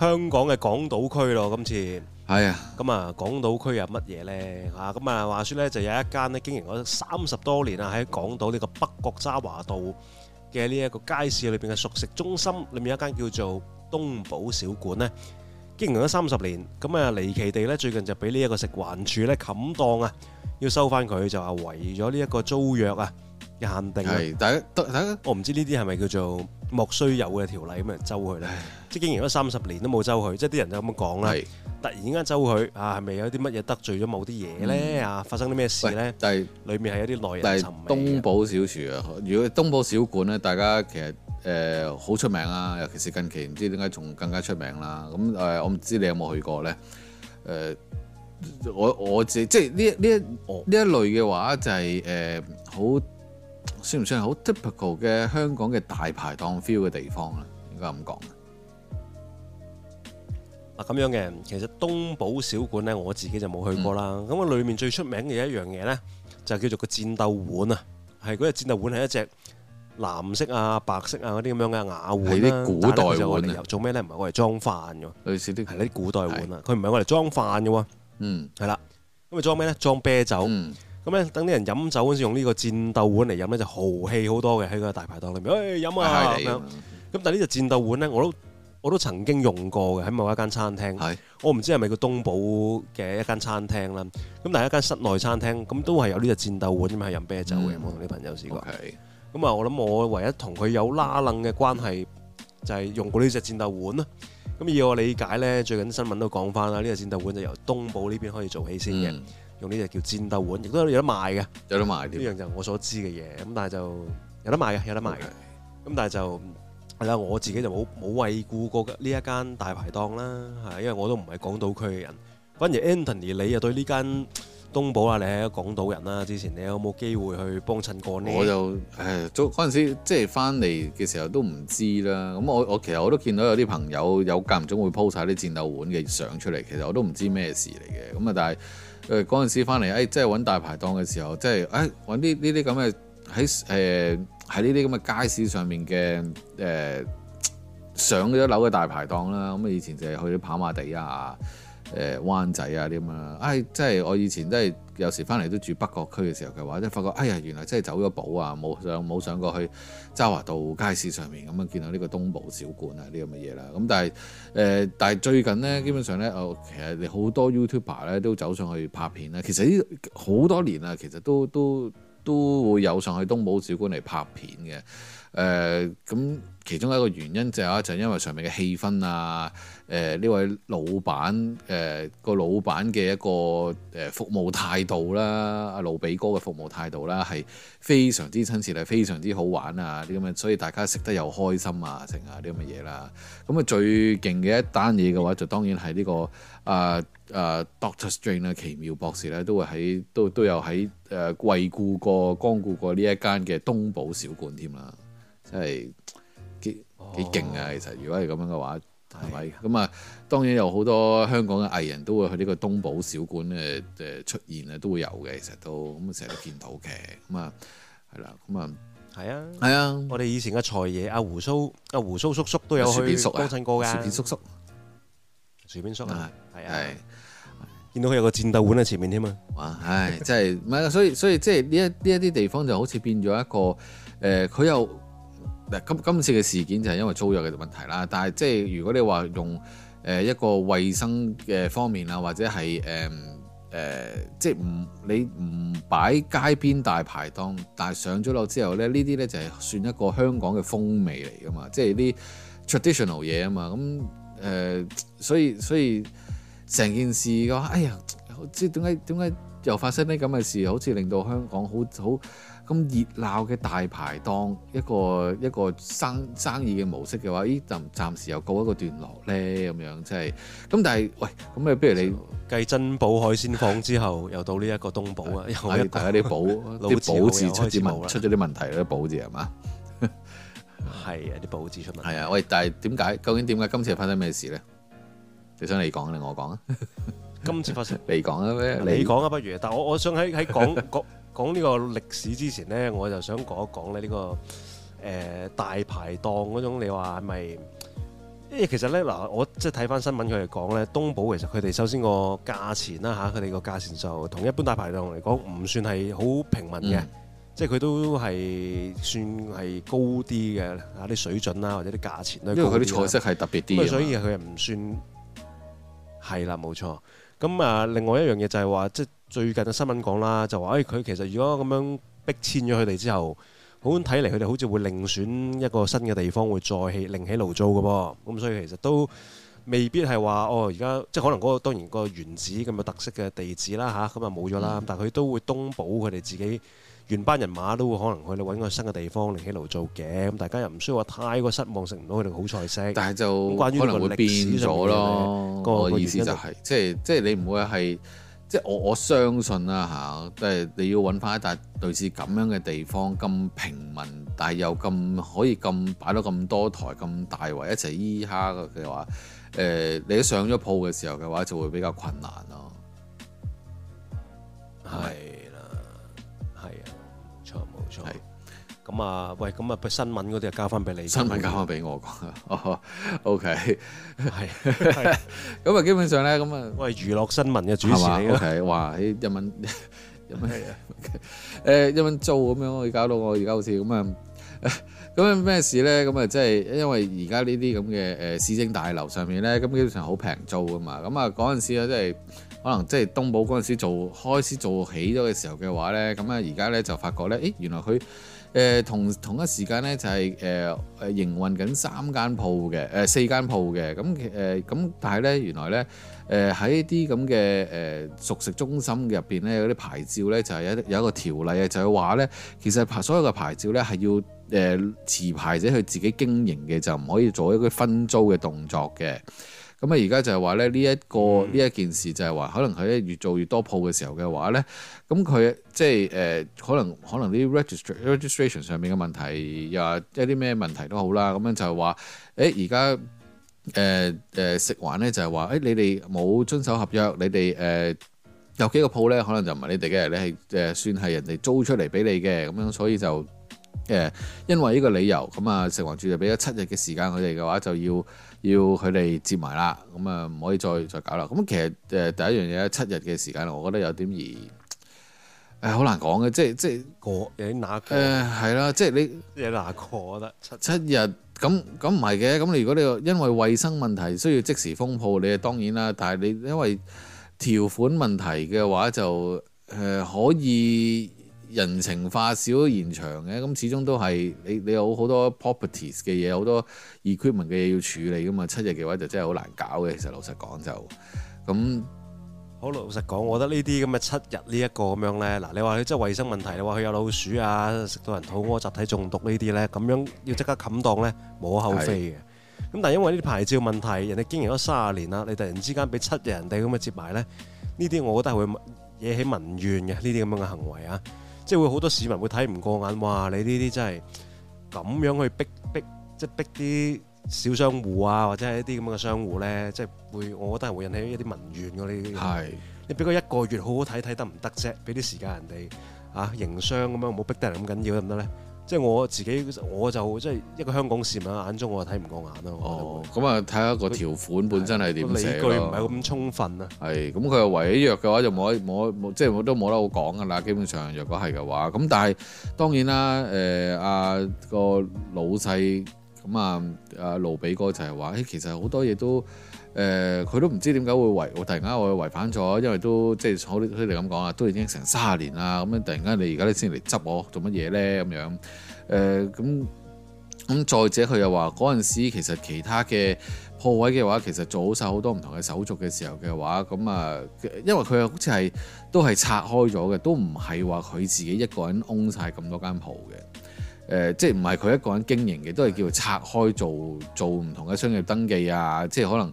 香港嘅港島區咯，今次。係啊。咁啊，港島區又乜嘢咧？嚇，咁啊，話説咧就有一間咧經營咗三十多年啊，喺港島呢個北角渣華道。喺呢一個街市裏邊嘅熟食中心，裡面有一間叫做東寶小館咧，經營咗三十年，咁啊離奇地呢，最近就俾呢一個食環署呢冚檔啊，要收翻佢，就話為咗呢一個租約啊。限定係，大家，大家，我唔知呢啲係咪叫做莫須有嘅條例咁樣周佢咧？即係經營咗三十年都冇周佢，即係啲人就咁講啦。係突然間周佢啊，係咪有啲乜嘢得罪咗某啲嘢咧啊？發生啲咩事咧？但係裏面係有啲內人。但係東寶小廚啊，如果東寶小館咧，大家其實誒好、呃、出名啦，尤其是近期唔知點解仲更加出名啦。咁、嗯、誒、呃，我唔知你有冇去過咧？誒、呃，我我自即係呢呢一呢一,一類嘅話就係誒好。算唔算係好 typical 嘅香港嘅大排檔 feel 嘅地方啊？應該咁講啊。咁樣嘅，其實東寶小館咧，我自己就冇去過啦。咁啊、嗯，裏面最出名嘅一樣嘢咧，就叫做個戰鬥碗啊。係嗰隻戰鬥碗係一隻藍色啊、白色啊嗰啲咁樣嘅瓦碗啲、啊、古代碗啊。做咩咧？唔係我嚟裝飯嘅。類似啲係啲古代碗啊。佢唔係我嚟裝飯嘅喎。嗯，係啦。咁啊裝咩咧？裝啤酒、嗯。嗯咁咧，等啲人飲酒嗰陣時用呢個戰鬥碗嚟飲咧，就豪氣好多嘅，喺個大排檔裏面，誒、哎、飲啊咁你樣。咁但係呢隻戰鬥碗咧，我都我都曾經用過嘅，喺某一間餐廳。是我唔知係咪個東寶嘅一間餐廳啦。咁但係一間室內餐廳，咁、嗯、都係有呢隻戰鬥碗啫嘛，係飲啤酒嘅。冇同啲朋友試過。咁啊 Okay.、嗯，我諗我唯一同佢有拉楞嘅關係，嗯、就係用過呢隻戰鬥碗啦。咁以我理解咧，最近新聞都講翻啦，呢、這、隻、個、戰鬥碗就由東寶呢邊可以做起先嘅。嗯用呢隻叫戰鬥碗，亦都有得賣嘅，有得賣。呢樣 Okay. 就我所知嘅嘢咁，但係就有得賣嘅，有得賣嘅。咁但係就係啦，我自己就冇冇惠顧過呢一間大排檔啦，係因為我都唔係港島區嘅人。反而 Anthony，你又對呢間東寶啦、啊，你係一個港島人啦，之前你有冇機會去幫襯過呢？我就誒，都嗰陣時即係翻嚟嘅時候都唔知啦。咁我我其實我都見到有啲朋友有間唔中會鋪晒啲戰鬥碗嘅相出嚟，其實我都唔知咩事嚟嘅。咁啊，但係。誒嗰陣時翻嚟，誒即係揾大排檔嘅時候，即係誒揾啲呢啲咁嘅喺誒喺呢啲咁嘅街市上面嘅誒、呃、上咗樓嘅大排檔啦。咁、嗯、啊以前就係去啲跑馬地啊。誒、呃、灣仔啊啲咁啊，唉、哎，即係我以前真係有時翻嚟都住北角區嘅時候嘅話，即係發覺，哎呀，原來真係走咗寶啊，冇上冇上過去渣華道街市上面咁啊，樣見到呢個東部小館啊呢咁嘅嘢啦。咁但係誒，但係、呃、最近呢，基本上呢，哦，其實你好多 YouTuber 呢都走上去拍片啦。其實呢好多年啦，其實都都，都會有上去東寶小館嚟拍片嘅，誒、呃、咁其中一個原因就係、係、就就係、因為上面嘅氣氛啊，誒、呃、呢位老闆誒、呃個老闆嘅一個誒服務態度啦、啊，阿路比哥嘅服務態度啦、啊，係非常之親切啦，非常之好玩啊啲咁啊，所以大家食得又開心啊成啊啲咁嘅嘢啦，咁啊最勁嘅一單嘢嘅話就當然係呢、這個啊。呃誒 Doctor Strange 咧，uh, St rain, 奇妙博士咧，都會喺都都有喺誒、呃、貴顧過、光顧過呢一間嘅東寶小館添啦，真係幾幾勁啊！其實，如果係咁樣嘅話，係咪、哦？咁啊吧、嗯，當然有好多香港嘅藝人都會去呢個東寶小館誒誒出現啊，都會有嘅。其實都咁啊，成、嗯、日都見到嘅。咁啊，係啦，咁啊，係啊，係啊，我哋以前嘅財爺阿胡蘇阿胡蘇叔，叔叔都有去幫襯過噶，薯片叔叔，薯片叔啊，係啊。啊啊見到佢有個戰鬥碗喺前面添嘛？哇，唉，真係唔係，所以所以即係呢一呢一啲地方就好似變咗一個誒，佢又嗱今今次嘅事件就係因為租約嘅問題啦。但係即係如果你話用誒、呃、一個衞生嘅方面啊，或者係誒誒即係唔你唔擺街邊大排檔，但係上咗樓之後咧，呢啲咧就係算一個香港嘅風味嚟噶嘛，即係啲 traditional 嘢啊嘛。咁誒，所以所以。成件事嘅話，哎呀，即係點解點解又發生啲咁嘅事？好似令到香港好好咁熱鬧嘅大排檔一個一個生生意嘅模式嘅話，依暫暫時又告一個段落咧，咁樣即係。咁但係喂，咁誒，不如你繼珍寶海鮮坊之後， [laughs] 又到呢 [laughs] 一個東寶啊，又一啲寶，啲寶字出咗出咗啲問題咧， [laughs] 寶字係嘛？係啊，啲寶字出問題。係啊，喂，但係點解？究竟點解今次係發生咩事咧？你想你講定我講啊？ [laughs] 今次發生，你講啊？你講啊不如？但我我想喺喺講講講呢個歷史之前咧，我就想講一講咧、這、呢個誒、呃、大排檔嗰種，你話係咪？誒其實咧嗱，我即係睇翻新聞佢哋講咧，東寶其實佢哋首先個價錢啦吓，佢哋個價錢就同一般大排檔嚟講唔算係好平民嘅，嗯、即係佢都係算係高啲嘅嚇啲水準啦，或者啲價錢因為佢啲菜式係特別啲，所以佢唔算。嗯。係啦，冇錯。咁啊，另外一樣嘢就係話，即係最近嘅新聞講啦，就話誒，佢、哎、其實如果咁樣逼遷咗佢哋之後，好睇嚟佢哋好似會另選一個新嘅地方，會再起另起爐灶嘅噃。咁所以其實都未必係話哦，而家即係可能嗰、嗰個當然個原址咁嘅特色嘅地址啦吓，咁啊冇咗啦。嗯、但係佢都會東補佢哋自己。原班人馬都會可能去揾個新嘅地方嚟起爐做嘅，咁大家又唔需要話太過失望，食唔到佢哋好菜式。但係就可能會變咗咯。我意思就係，即係即係你唔會係，即係我我相信啦吓，即係你要揾翻一笪類似咁樣嘅地方，咁平民但係又咁可以咁擺到咁多台咁大圍一齊咿哈嘅話，誒你一上咗鋪嘅時候嘅話就會比較困難咯。係。係，咁啊，喂，咁啊，新聞嗰啲啊，交翻俾你。新聞交翻俾我講。哦，OK，係，咁啊，基本上咧，咁啊，喂，娛樂新聞嘅主持嚟嘅，係，哇，啲人民，有咩嘢？誒，一蚊租咁樣，可以搞到我而家好似咁啊，咁樣咩事咧？咁啊，即係因為而家呢啲咁嘅誒市政大樓上面咧，咁基本上好平租㗎嘛。咁啊，嗰陣時啊即係。可能即係東寶嗰陣時做開始做起咗嘅時候嘅話呢，咁啊而家呢就發覺呢，誒、欸、原來佢誒、呃、同同一時間呢就係誒誒營運緊三間鋪嘅，誒、呃、四間鋪嘅，咁誒咁但係呢，原來呢誒喺啲咁嘅誒熟食中心入邊呢，嗰啲牌照呢就係、是、有有一個條例啊，就係、是、話呢，其實所有嘅牌照呢係要誒、呃、持牌者去自己經營嘅，就唔可以做一個分租嘅動作嘅。咁啊，而家就係話咧，呢一個呢、嗯、一件事就係話，可能佢越做越多鋪嘅時候嘅話呢，咁佢即係誒、呃，可能可能啲 registration regist registration 上面嘅問題，又一啲咩問題都好啦，咁樣就係話，誒而家誒誒食環呢就係話，誒、欸、你哋冇遵守合約，你哋誒、呃、有幾個鋪呢，可能就唔係你哋嘅，你係誒、呃、算係人哋租出嚟俾你嘅，咁樣所以就誒、呃、因為呢個理由，咁啊食環署就俾咗七日嘅時間佢哋嘅話就要。要佢哋接埋啦，咁啊唔可以再再搞啦。咁其實誒第一樣嘢七日嘅時間，我覺得有點而誒好難講嘅，即係即係嗰誒哪個誒係啦，即係你誒哪個我覺得七日咁咁唔係嘅，咁你如果你因為衞生問題需要即時封鋪，你當然啦。但係你因為條款問題嘅話就，就、呃、誒可以。人情化少咗，現場嘅咁，始終都係你你有好多 properties 嘅嘢，好多 equipment 嘅嘢要處理㗎嘛。七日嘅話就真係好難搞嘅。其實老實講就咁好老實講，我覺得呢啲咁嘅七日呢一個咁樣咧，嗱你話佢真係衞生問題，你話佢有老鼠啊，食到人肚屙，集體中毒呢啲咧，咁樣要即刻冚檔咧，無可厚非嘅。咁是但係因為呢啲牌照問題，人哋經營咗三十年啦，你突然之間俾七日人哋咁嘅接埋咧，呢啲我覺得係會惹起民怨嘅呢啲咁樣嘅行為啊。即係會好多市民會睇唔過眼，哇！你呢啲真係咁樣去逼逼，即係逼啲小商戶啊，或者係一啲咁樣嘅商戶咧，即係會我覺得係會引起一啲民怨嘅呢啲。係，你俾佢是一個月好好睇睇得唔得啫？俾啲時間人哋啊，營商咁樣唔好逼得人咁緊要，得唔得咧？即係我自己，我就即係一個香港市民眼中，我就睇唔過眼咯。哦，咁啊，睇下個條款本身係點寫咯。理據唔係咁充分啊。係，咁佢又違起約嘅話就，就冇冇即係都冇得好講㗎啦。基本上，若果係嘅話，咁但係當然啦。誒、呃，阿、啊那個老細咁啊，阿、啊、盧比哥就係話，其實好多嘢都。誒佢、呃、都唔知點解會違，我突然間我違反咗，因為都即係好似你哋咁講啊，都已經成三十年啦，咁樣突然間你而家先嚟執我做乜嘢呢？咁樣？誒咁咁再者，佢又話嗰陣時其實其他嘅鋪位嘅話，其實做好曬好多唔同嘅手續嘅時候嘅話，咁啊，因為佢又好似係都係拆開咗嘅，都唔係話佢自己一個人擁曬咁多間鋪嘅。誒、呃，即係唔係佢一個人經營嘅，都係叫拆開做做唔同嘅商業登記啊，即係可能。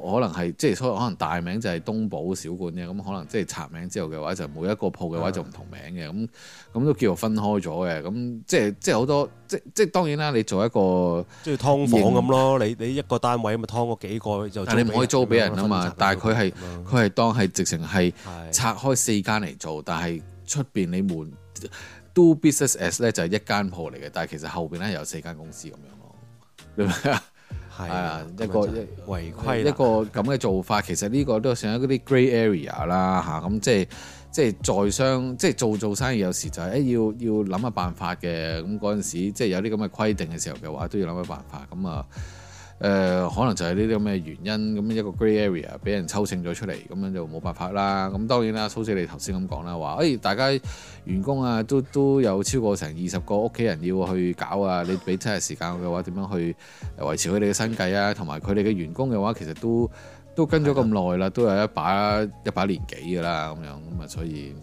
我可能係即係所以可能大名就係東寶小館嘅，咁可能即係拆名之後嘅話，就每一個鋪嘅話就唔同名嘅，咁咁、嗯、都叫做分開咗嘅，咁即係即係好多即即當然啦，你做一個即係劏房咁咯原，你你一個單位咪啊劏嗰幾個就但你唔可以租俾人啊嘛，但係佢係佢係當係直情係拆開四間嚟做，但係出邊你門的 do business as 咧就係一間鋪嚟嘅，但係其實後邊咧有四間公司咁樣咯，你明唔明啊？ [laughs] 係啊，一個違規，一個咁嘅做法，其實呢個都算係嗰啲 grey area 啦、啊、嚇，咁即係即係在商即係、就是、做做生意，有時就係誒要要諗下辦法嘅，咁嗰陣時即係、就是、有啲咁嘅規定嘅時候嘅話，都要諗下辦法咁啊。誒、呃、可能就係呢啲咁嘅原因，咁一個 grey area 俾人抽剩咗出嚟，咁樣就冇辦法啦。咁當然啦，蘇姐你頭先咁講啦，話誒、欸，大家員工啊，都都有超過成二十個屋企人要去搞啊，你俾七日時間嘅話，點樣去維持佢哋嘅生計啊？同埋佢哋嘅員工嘅話，其實都都跟咗咁耐啦，啊、都有一把一把年紀㗎啦，咁樣咁啊，所以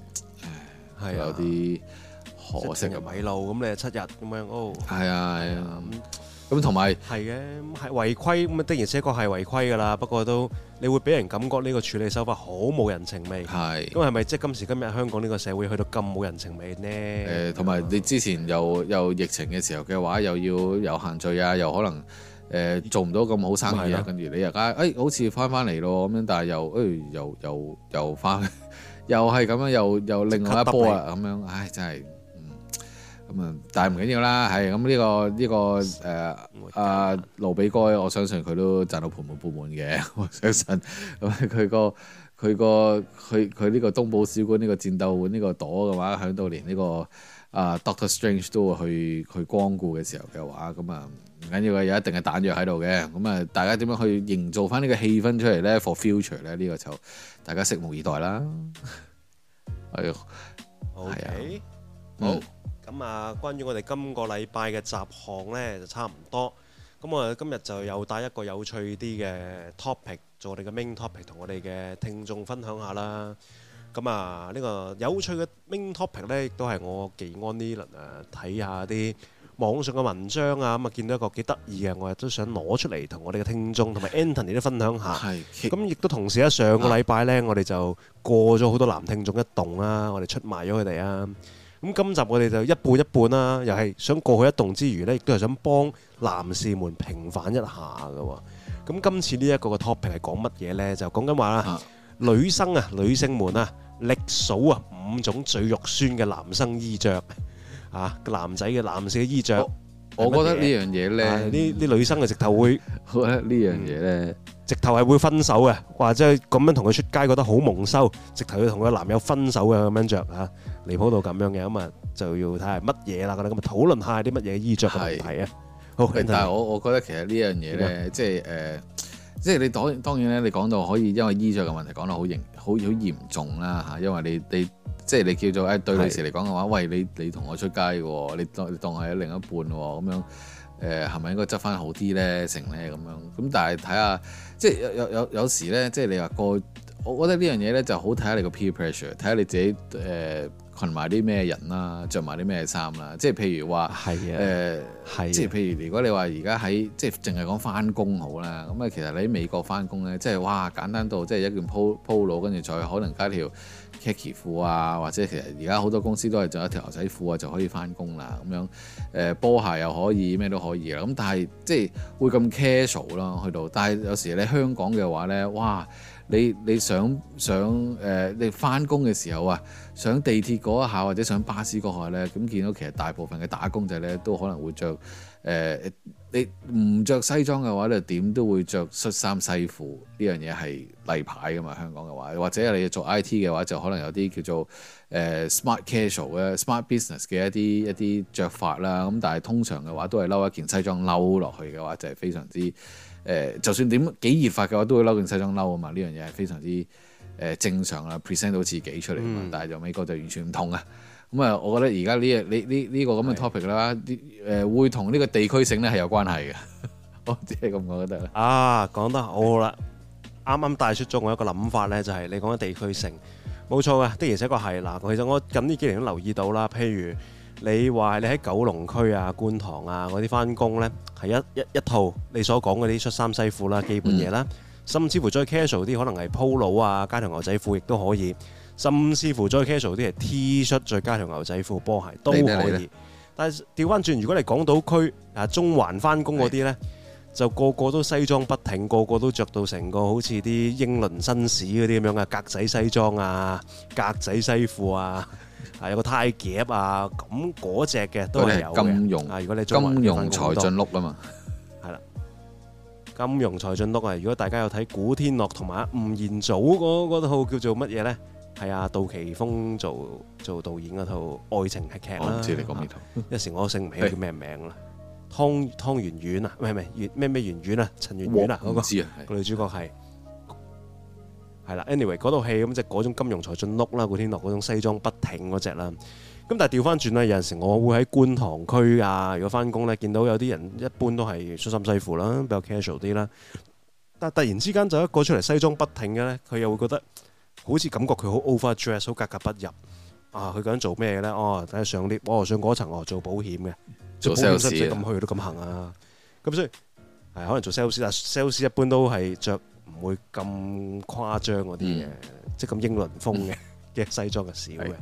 係有啲可惜嘅迷路咁，你、啊就是、七日咁樣哦，係啊係啊。咁同埋係嘅，係違規咁的，而且確係違規噶啦。不過都你會俾人感覺呢個處理手法好冇人情味。係的。咁係咪即係今時今日香港呢個社會去到咁冇人情味呢？誒、呃，同埋你之前又有疫情嘅時候嘅話，又要有限聚啊，又可能誒、呃、做唔到咁好生意啊，跟住你又誒、哎，好似翻翻嚟咯咁樣，但係又誒、哎，又又又翻，又係咁樣，又又另外一波啊咁樣，唉，真係。嗯。咁啊，但係唔緊要啦，係咁呢個呢個誒啊盧比哥，我相信佢都賺到盆滿缽滿嘅。我相信咁佢個佢個佢佢呢個東寶小館呢個戰鬥碗呢個朵嘅話，響到連呢、這個啊 Doctor Strange 都會去去光顧嘅時候嘅話，咁啊唔緊要嘅，有一定嘅彈藥喺度嘅。咁、嗯、啊，大家點樣去營造翻呢個氣氛出嚟咧？For future 咧，呢個就大家拭目以待啦。係 [laughs] 啊、哎呦，好 Okay.、嗯。咁啊，關於我哋今個禮拜嘅集項咧，就差唔多。咁我今日就有帶一個有趣啲嘅 topic 做我哋嘅 main topic，同我哋嘅聽眾分享下啦。咁啊，呢個有趣嘅 main topic 咧，亦都係我幾安呢輪啊，睇下啲網上嘅文章啊，咁啊見到一個幾得意嘅，我亦都想攞出嚟同我哋嘅聽眾同埋 Anthony 都分享下。係。咁亦都同時喺上個禮拜咧，我哋就過咗好多男聽眾一棟啦，我哋出賣咗佢哋啊。咁今集我哋就一半一半啦，又係想過去一動之餘咧，亦都係想幫男士們平反一下嘅。咁今次呢一個嘅 topic 係講乜嘢咧？就講緊話啦，女生啊，女性們啊，力數啊五種最肉酸嘅男生衣著啊，男仔嘅男士嘅衣著。我覺得呢樣嘢咧，呢啲女生係直頭會，呢樣嘢咧。直頭係會分手嘅，或者係咁樣同佢出街覺得好蒙羞，直頭要同佢男友分手嘅咁樣着，嚇，離譜到咁樣嘅咁啊，就要睇下乜嘢啦咁啊，討論下啲乜嘢衣着嘅問題啊。是好但係我我覺得其實樣呢樣嘢咧，即係誒，即係你當當然咧，你講到可以因為衣着嘅問題講得好嚴好好嚴重啦嚇，因為你你即係、就是、你叫做誒是、哎、對女士嚟講嘅話，喂你你同我出街喎，你當你當係另一半喎，咁樣誒係咪應該執翻好啲咧，成咧咁樣咁，但係睇下。即係有有有有時咧，即係你話個，我覺得呢樣嘢咧就好睇下你個 peer pressure，睇下你自己誒羣埋啲咩人啦、啊，着埋啲咩衫啦。即係譬如話誒，即係譬如如果你話而家喺即係淨係講翻工好啦，咁啊其實你喺美國翻工咧，即係哇簡單到即係一件 Polo，跟住再可能加條。Khaki 褲啊，或者其實而家好多公司都係做一條牛仔褲啊就可以翻工啦，咁樣誒、呃、波鞋又可以，咩都可以啦。咁但係即係會咁 casual 咯，去到。但係有時咧香港嘅話咧，哇！你你想上誒、呃，你翻工嘅時候啊，上地鐵嗰一下或者上巴士嗰下咧，咁見到其實大部分嘅打工仔咧都可能會着。誒、呃，你唔着西裝嘅話咧點都會着恤衫西褲呢樣嘢係。例牌噶嘛，香港嘅話，或者你做 I T 嘅話，就可能有啲叫做誒、呃、smart casual 咧 sm、smart business 嘅一啲一啲著法啦。咁但係通常嘅話都，都係攞一件西裝褸落去嘅話，就係非常之誒、呃，就算點幾熱發嘅話，都會攞件西裝褸啊嘛。呢樣嘢係非常之誒正常啦，present、呃、到自己出嚟。嗯、但係就美國就完全唔同啊。咁、嗯、啊，我覺得而家呢嘢，你呢呢個咁嘅、呢個、topic 啦，誒會同呢個地區性咧係有關係嘅。 [laughs] 我只係咁講得啦。啊，講得好啦！啱啱帶出咗我一個諗法咧，就係你講緊地區性，冇錯啊，的而且確係。嗱，其實我近呢幾年都留意到啦。譬如你話你喺九龍區啊、觀塘啊嗰啲翻工咧，係一一一套你所講嗰啲恤衫西褲啦、基本嘢啦，甚至乎再 casual 啲，可能係 Polo 啊、加條牛仔褲亦都可以。甚至乎再 casual 啲係 T 恤再加條牛仔褲、波鞋都可以。但係調翻轉，如果你講到區啊中環翻工嗰啲咧。就個個都西裝筆挺，個個都著到成個好似啲英倫紳士嗰啲咁樣嘅，格仔西裝啊，格仔西褲啊，係有個呔夾啊，咁嗰隻嘅都係有嘅。啊，如果你做金融財進碌啊嘛，係啦，金融財進碌啊！如果大家有睇古天樂同埋吳彥祖嗰嗰套叫做乜嘢呢？係啊，杜琪峯做做導演嗰套愛情劇啦。一時我都醒唔起叫咩名啦。湯湯圓圓啊，唔係唔係，咩咩圓圓啊，陳圓圓啊，嗰個個女主角係係啦。的 anyway，嗰套戲咁即係嗰種金融才俊屋啦，古天樂嗰種西裝筆挺嗰隻啦。咁但係調翻轉咧，有陣時我會喺觀塘區啊，如果翻工咧，見到有啲人一般都係恤衫西褲啦，比較 casual 啲啦。但係突然之間就一個出嚟西裝筆挺嘅咧，佢又會覺得好似感覺佢好 over dress，好格格不入啊！佢究竟做咩嘅咧？哦，等下上啲，哦，上嗰層我做保險嘅。做 sales 唔咁去都咁行啊，咁所以係可能做 sales，但 sales 一般都係着唔會咁誇張嗰啲嘅，嗯、即係咁英倫風嘅嘅西裝嘅少嘅，嗯、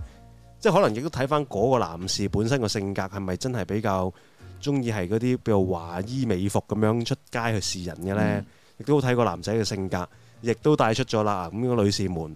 即係可能亦都睇翻嗰個男士本身個性格係咪真係比較中意係嗰啲，比如華衣美服咁樣出街去示人嘅咧，亦、嗯、都睇個男仔嘅性格，亦都帶出咗啦。咁、個女士們。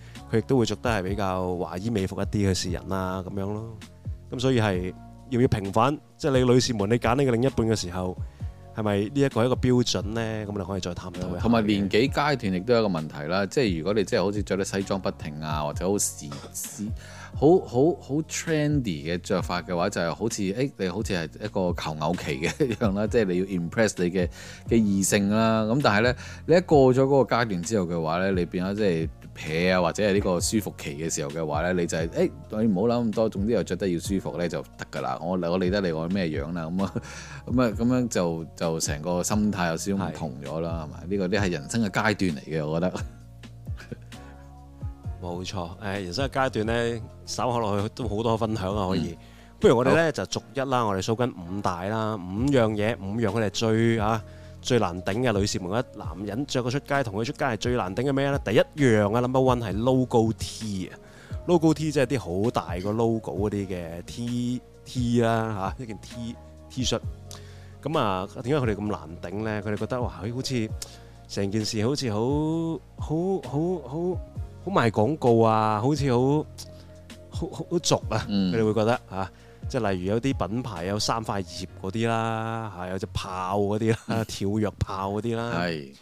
佢亦都會着得係比較華衣美服一啲嘅仕人啦、啊，咁樣咯。咁所以係要唔要平反？即係你女士們，你揀呢個另一半嘅時候，係咪呢一個係一個標準咧？咁你可以再探討下。同埋年紀階段亦都有一個問題啦。即係如果你即係好似着啲西裝不停啊，或者好時 [laughs] 好時髦、好好好 trendy 嘅着法嘅話，就係、是、好似誒你好似係一個求偶期嘅一樣啦。即係你要 impress 你嘅嘅異性啦、啊。咁但係咧，你一過咗嗰個階段之後嘅話咧，你變咗即係。撇啊，或者係呢個舒服期嘅時候嘅話咧，你就係、是、誒、欸，你唔好諗咁多，總之我着得要舒服咧就得噶啦。我我理得你我咩樣啦，咁啊咁啊咁樣就就成個心態有少少唔同咗啦，係咪是？呢個啲係人生嘅階段嚟嘅，我覺得冇錯。誒、呃，人生嘅階段咧，稍後落去都好多分享啊，可以。嗯、不如我哋咧好就逐一啦，我哋數緊五大啦，五樣嘢，五樣佢哋追。啊。最難頂嘅女士們，冇一男人着佢出街，同佢出街係最難頂嘅咩咧？第一樣啊，number one 係 logo T 啊，logo T 即係啲好大個 logo 嗰啲嘅 T T 啦嚇、啊，一件 T T 恤。咁啊，點解佢哋咁難頂咧？佢哋覺得哇，好似成件事好似好好好好好賣廣告啊，好似好好好俗啊，佢哋、嗯、會覺得嚇。啊。即係例如有啲品牌有三塊葉嗰啲啦，係有隻炮嗰啲啦，跳躍炮嗰啲啦，係 [laughs] 是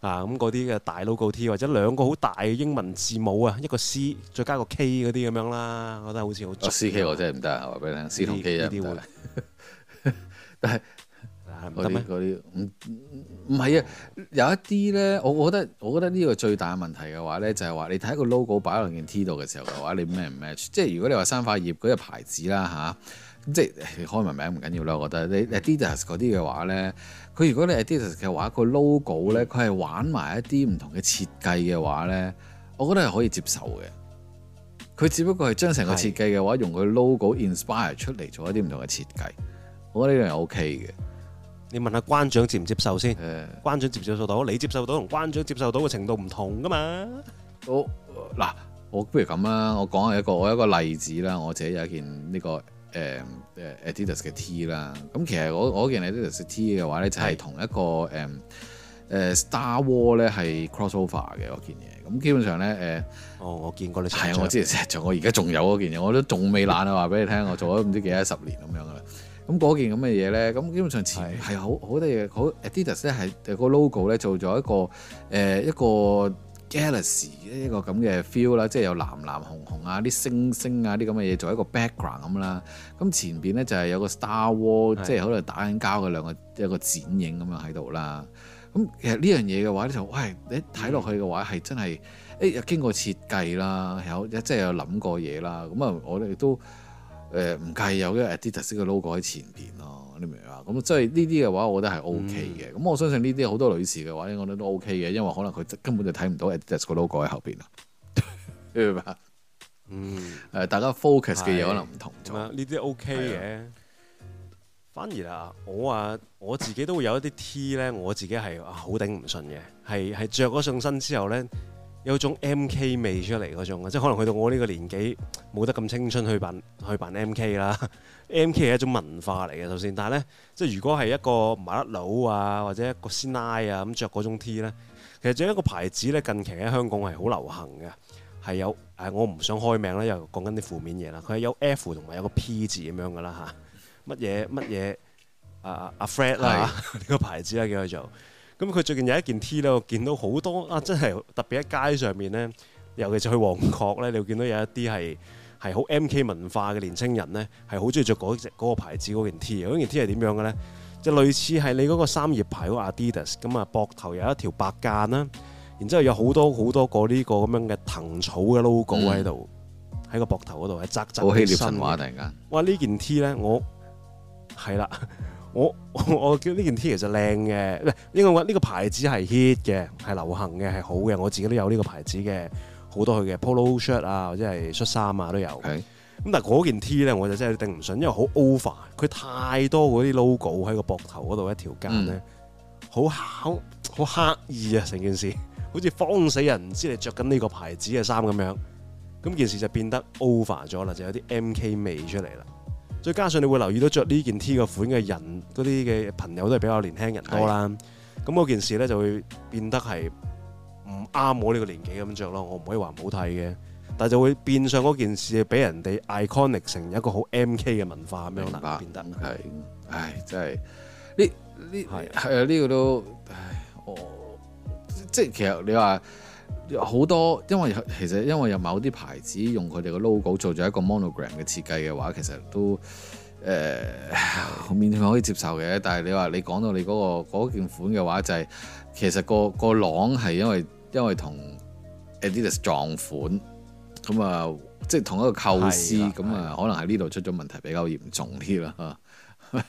啊咁嗰啲嘅大 logo T 或者兩個好大嘅英文字母啊，一個 C 再加個 K 嗰啲咁樣啦，我覺得好似好哦 C K 我真係唔得啊，話俾你聽 C 同 K 啊，呢啲會。嗰啲嗰啲唔唔唔係啊！有一啲咧，我我覺得我覺得呢個最大嘅問題嘅話咧，就係話你睇一個 logo 擺喺件 T 度嘅時候嘅話，你 match 唔 match？即係如果你話三塊葉嗰隻牌子啦吓，咁即係開文名唔緊要啦。我覺得你 Adidas 嗰啲嘅話咧，佢如果你 Adidas 嘅話，佢 logo 咧佢係玩埋一啲唔同嘅設計嘅話咧，我覺得係、就是啊、可以接受嘅。佢只不過係將成個設計嘅話的用佢 logo inspire 出嚟，做一啲唔同嘅設計，我覺得呢樣係 OK 嘅。你問下關長接唔接受先？誒，關長接唔接受到，你接受到同關長接受到嘅程度唔同㗎嘛？我嗱、哦，我不如咁啦。我講下一個我一個例子啦。我自己有一件呢、這個誒誒 Adidas 嘅 T 啦。咁、嗯、其實我，我件 Adidas 嘅 T 嘅話咧，就係、是、同一個誒誒、嗯、Star War 咧係 Crossover 嘅嗰件嘢。咁基本上咧誒，嗯、哦，我見過你係啊，我之前著著，我而家仲有嗰件嘢，我都仲未爛啊話俾你聽，嗯、我做咗唔知幾多十年咁樣啦。嗯 [laughs] 咁嗰件咁嘅嘢咧，咁基本上前係好好啲嘢，好 Adidas 咧係個 logo 咧做咗一個誒、呃、一個 Galaxy 一個咁嘅 feel 啦，即係有藍藍紅紅啊啲星星啊啲咁嘅嘢做一個 background 咁啦。咁前邊咧就係、是、有個 Star Wars 的即係可能打緊交嘅兩個一個剪影咁樣喺度啦。咁其實呢樣嘢嘅話咧就，喂你睇落去嘅話係的真係誒、欸、經過設計啦，有即係有諗過嘢啦。咁啊我哋都。誒唔計有啲 Adidas 嘅 logo 喺前邊咯，你明唔明啊？咁即係呢啲嘅話，我覺得係 O K 嘅。咁、嗯、我相信呢啲好多女士嘅話，我覺得都 O K 嘅，因為可能佢根本就睇唔到 Adidas 嘅 logo 喺後邊啦， [laughs] 你明白嗯、呃？嗯，誒、OK，大家 focus 嘅嘢可能唔同咗。呢啲 O K 嘅，反而啊，我啊我自己都會有一啲 T 咧，我自己係好頂唔順嘅，係係著咗上身之後咧。有一種 MK 味出嚟嗰種，即係可能去到我呢個年紀冇得咁青春去扮去扮 MK 啦。MK 係一種文化嚟嘅，首先，但係咧，即係如果係一個麻甩佬啊，或者一個師奶啊咁着嗰種 T 咧，其實仲有，啊、有，有一個牌子咧，近期喺香港係好流行嘅，係有誒我唔想開名啦，又講緊啲負面嘢啦，佢係有 F 同埋有個 P 字咁樣嘅啦嚇，乜嘢乜嘢啊啊 Fred 啦呢個牌子啦叫佢做。咁佢最近有一件 T 咧，我見到好多啊，真係特別喺街上面咧，尤其是去旺角咧，你會見到有一啲係係好 MK 文化嘅年青人咧，係好中意着嗰隻嗰個牌子嗰件 T 嘅。嗰件 T 係點樣嘅咧？就類似係你嗰個三葉牌嗰個 Adidas，咁啊，膊頭有一條白間啦，然之後有好多好多個呢個咁樣嘅藤草嘅 logo 喺度、嗯，喺個膊頭嗰度係扎扎起身。好希臘神話突然間！哇，呢件 T 咧，我係啦。 [laughs] 我我我叫呢件 T 其實靚嘅，唔係呢個呢個牌子係 hit 嘅，係流行嘅，係好嘅。我自己都有呢個牌子嘅好多佢嘅 polo shirt 啊，或者係恤衫啊都有。咁 Okay. 但係嗰件 T 咧，我就真係頂唔順，因為好 over，佢太多嗰啲 logo 喺個膊頭嗰度一條間咧、mm.，好巧好刻意啊成件事，好似方死人唔知你着緊呢個牌子嘅衫咁樣。咁件事就變得 over 咗啦，就有啲 MK 味出嚟啦。再加上你會留意到着呢件 T 個款嘅人，嗰啲嘅朋友都係比較年輕人多啦。咁嗰的件事咧就會變得係唔啱我呢個年紀咁着咯。我唔可以話唔好睇嘅，但係就會變相嗰件事俾人哋 iconic 成一個好 MK 嘅文化咁樣啦。白變得係，唉，真係呢呢係啊，呢個都唉，我即係其實你話。好多，因為其實因為有某啲牌子用佢哋個 logo 做咗一個 monogram 嘅設計嘅話，其實都誒勉強、呃、的可以接受嘅。但係你話你講到你嗰、嗰個嗰件款嘅話、就係，就係其實、嗰個個囊係因為因為同 Adidas 撞款，咁啊即係同一個構思，咁啊可能喺呢度出咗問題比較嚴重啲啦。啊、 [laughs]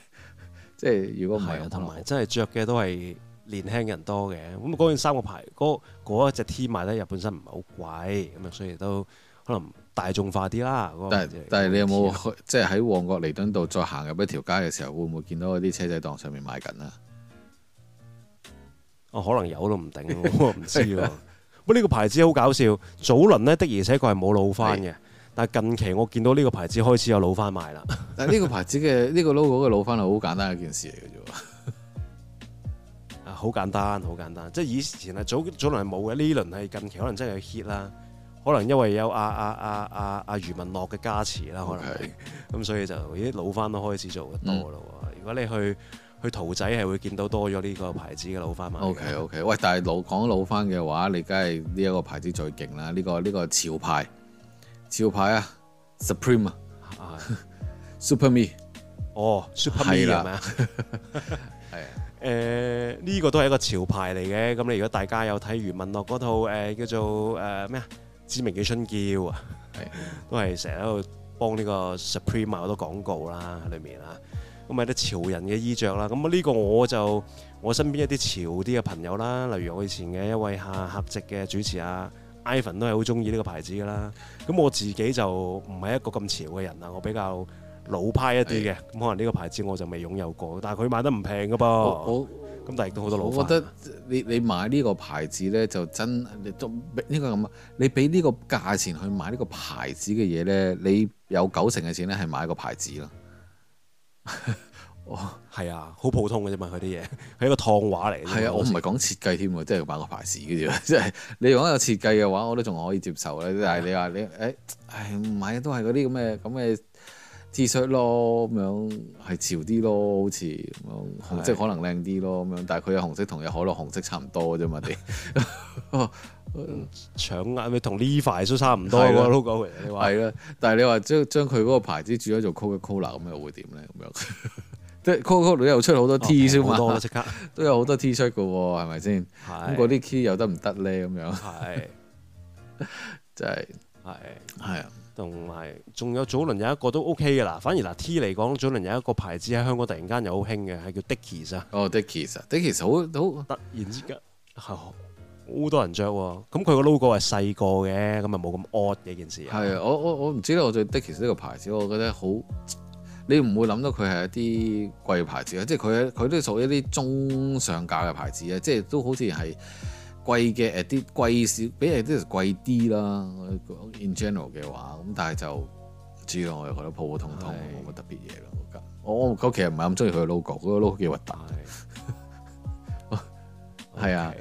即係如果唔係同埋真係着嘅都係年輕人多嘅，咁嗰件三個牌，嗰一隻 T 賣得又本身唔係好貴，咁啊，所以都可能大眾化啲啦、那個。但係你有冇、嗯、即係喺旺角彌敦道再行入一條街嘅時候，會唔會見到嗰啲車仔檔上面賣緊啊？哦，可能有都唔定， [laughs] 我唔知喎。不過呢個牌子好搞笑，早輪呢的而且確係冇老翻嘅，是但係近期我見到呢個牌子開始有老翻賣啦。 [laughs] 但係呢個牌子嘅呢、呢個 logo 嘅老翻係好簡單一件事嚟嘅啫喎。 [laughs] 好簡單，好簡單，即係以前係早早輪係冇嘅，呢輪係近期可能真係 hit 啦。可能因為有阿阿阿阿阿余文樂嘅加持啦，可能係咁 Okay. [laughs] 所以就啲老翻都開始做得多啦。嗯、如果你去去圖仔係會見到多咗呢個牌子嘅老翻嘛 O K O K，喂，但係老講老翻嘅話，你梗係呢一個牌子最勁啦。呢、呢個呢、呢個潮牌，潮牌啊，Supreme 啊，Super Me，哦，Super Me 係啊。誒呢、呃這個都係一個潮牌嚟嘅，咁你如果大家有睇余文樂嗰套誒、呃、叫做誒咩啊《志明嘅春嬌》啊，係、嗯、都係成日喺度幫呢個 Supreme 好多廣告啦，裏面啊。咁有啲潮人嘅衣着啦，咁啊呢個我就我身邊一啲潮啲嘅朋友啦，例如我以前嘅一位下客席嘅主持阿、啊、Ivan 都係好中意呢個牌子㗎啦，咁我自己就唔係一個咁潮嘅人啊，我比較。老派一啲嘅，咁的可能呢個牌子我就未擁有過，但係佢賣得唔平噶噃。我咁但係亦都好多老。我覺得你你買呢個牌子咧，就真你都呢個咁啊！你俾呢個價錢去買呢個牌子嘅嘢咧，你有九成嘅錢咧係買一個牌子咯。哦 [laughs] 我，係啊，好普通嘅啫嘛，佢啲嘢係一個燙畫嚟。嘅的。係啊，我唔係講設計添，即、就、係、是、買個牌子嘅啫。即 [laughs] 係你如果有設計嘅話，我都仲可以接受啦。的 [laughs] 但係你話你唉，唔、哎、買、哎哎、都係嗰啲咁嘅咁嘅。t 恤 h i 咯，咁樣係潮啲咯，好似紅色可能靚啲咯，咁樣。但係佢嘅紅色同有可樂紅色差唔多啫嘛，啲搶眼咪同呢 e 都差唔多嘅咯，講你話係啦。但係你話將將佢嗰個牌子轉咗做 Coca-Cola 咁，又會點咧？咁樣，即 Coca-Cola 又出好多 T 先嘛，都是的 有好多 t 恤 h i 喎，係咪先？咁嗰啲 T 又得唔得咧？咁樣，係真係係係啊！同埋仲有早輪有一個都 OK 嘅啦，反而嗱 T 嚟講，早輪有一個牌子喺香港突然間又好興嘅，係叫 Dickies 啊。哦，oh，Dickies，Dickies 好好突然之間，係好 [laughs] 多人着喎。咁佢個 logo 係細個嘅，咁咪冇咁 odd 嘅件事。係啊，我我我唔知咧，我對 Dickies 呢個牌子，我覺得好，你唔會諗到佢係一啲貴牌子啊，即係佢佢都屬於一啲中上價嘅牌子啊，即係都好似係。貴嘅誒啲貴少，比人啲貴啲啦。我講 in general 嘅話，咁但係就主要我又覺得普普通通，冇乜特別嘢咯。我我我其實唔係咁中意佢嘅 logo，佢個 logo 幾核突。係啊，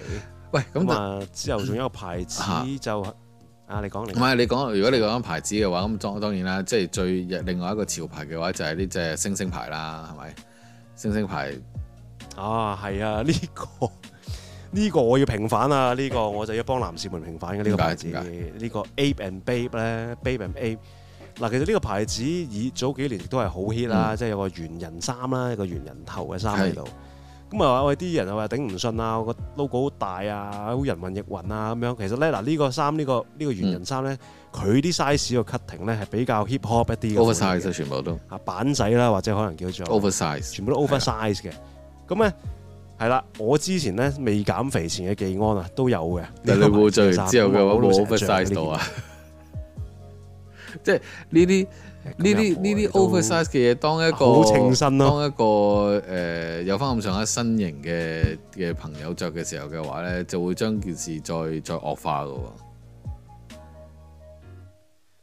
喂，咁啊之後仲有個牌子就 [laughs] 啊，你講嚟。唔係你講，如果你講牌子嘅話，咁當當然啦，即係最另外一個潮牌嘅話就係呢隻星星牌啦，係咪？星星星牌啊，係啊，呢個。 [laughs] 呢個我要平反啊！呢、呢個我就要幫男士們平反嘅呢、呢個牌子，呢個 Ape and Bape 咧，Bape and Ape。嗱，其實呢個牌子以早幾年都係好 hit 啦，即係有個猿人衫啦，有個猿人頭嘅衫喺度。咁啊話喂，啲、嗯、人又話頂唔順啊，我個 logo 好大啊，好人云亦云啊咁樣。其實咧，嗱、呢、呢個衫，呢、呢個呢、呢個猿人衫咧，佢啲、嗯、size 個 cutting 咧係比較 hip hop 一啲嘅 oversize 全部都啊板仔啦，或者可能叫做 oversize，全部都 oversize 嘅了。咁咧。係啦，我之前咧未減肥前嘅技安啊，都有嘅。但係你冇着之後嘅話 oversize 到啊！ [laughs] 即係呢啲呢啲呢啲 oversize 嘅嘢，當一個好、啊、清新咯、啊。當一個誒、呃、有翻咁上下身形嘅嘅朋友着嘅時候嘅話咧，就會將件事再再惡化噶。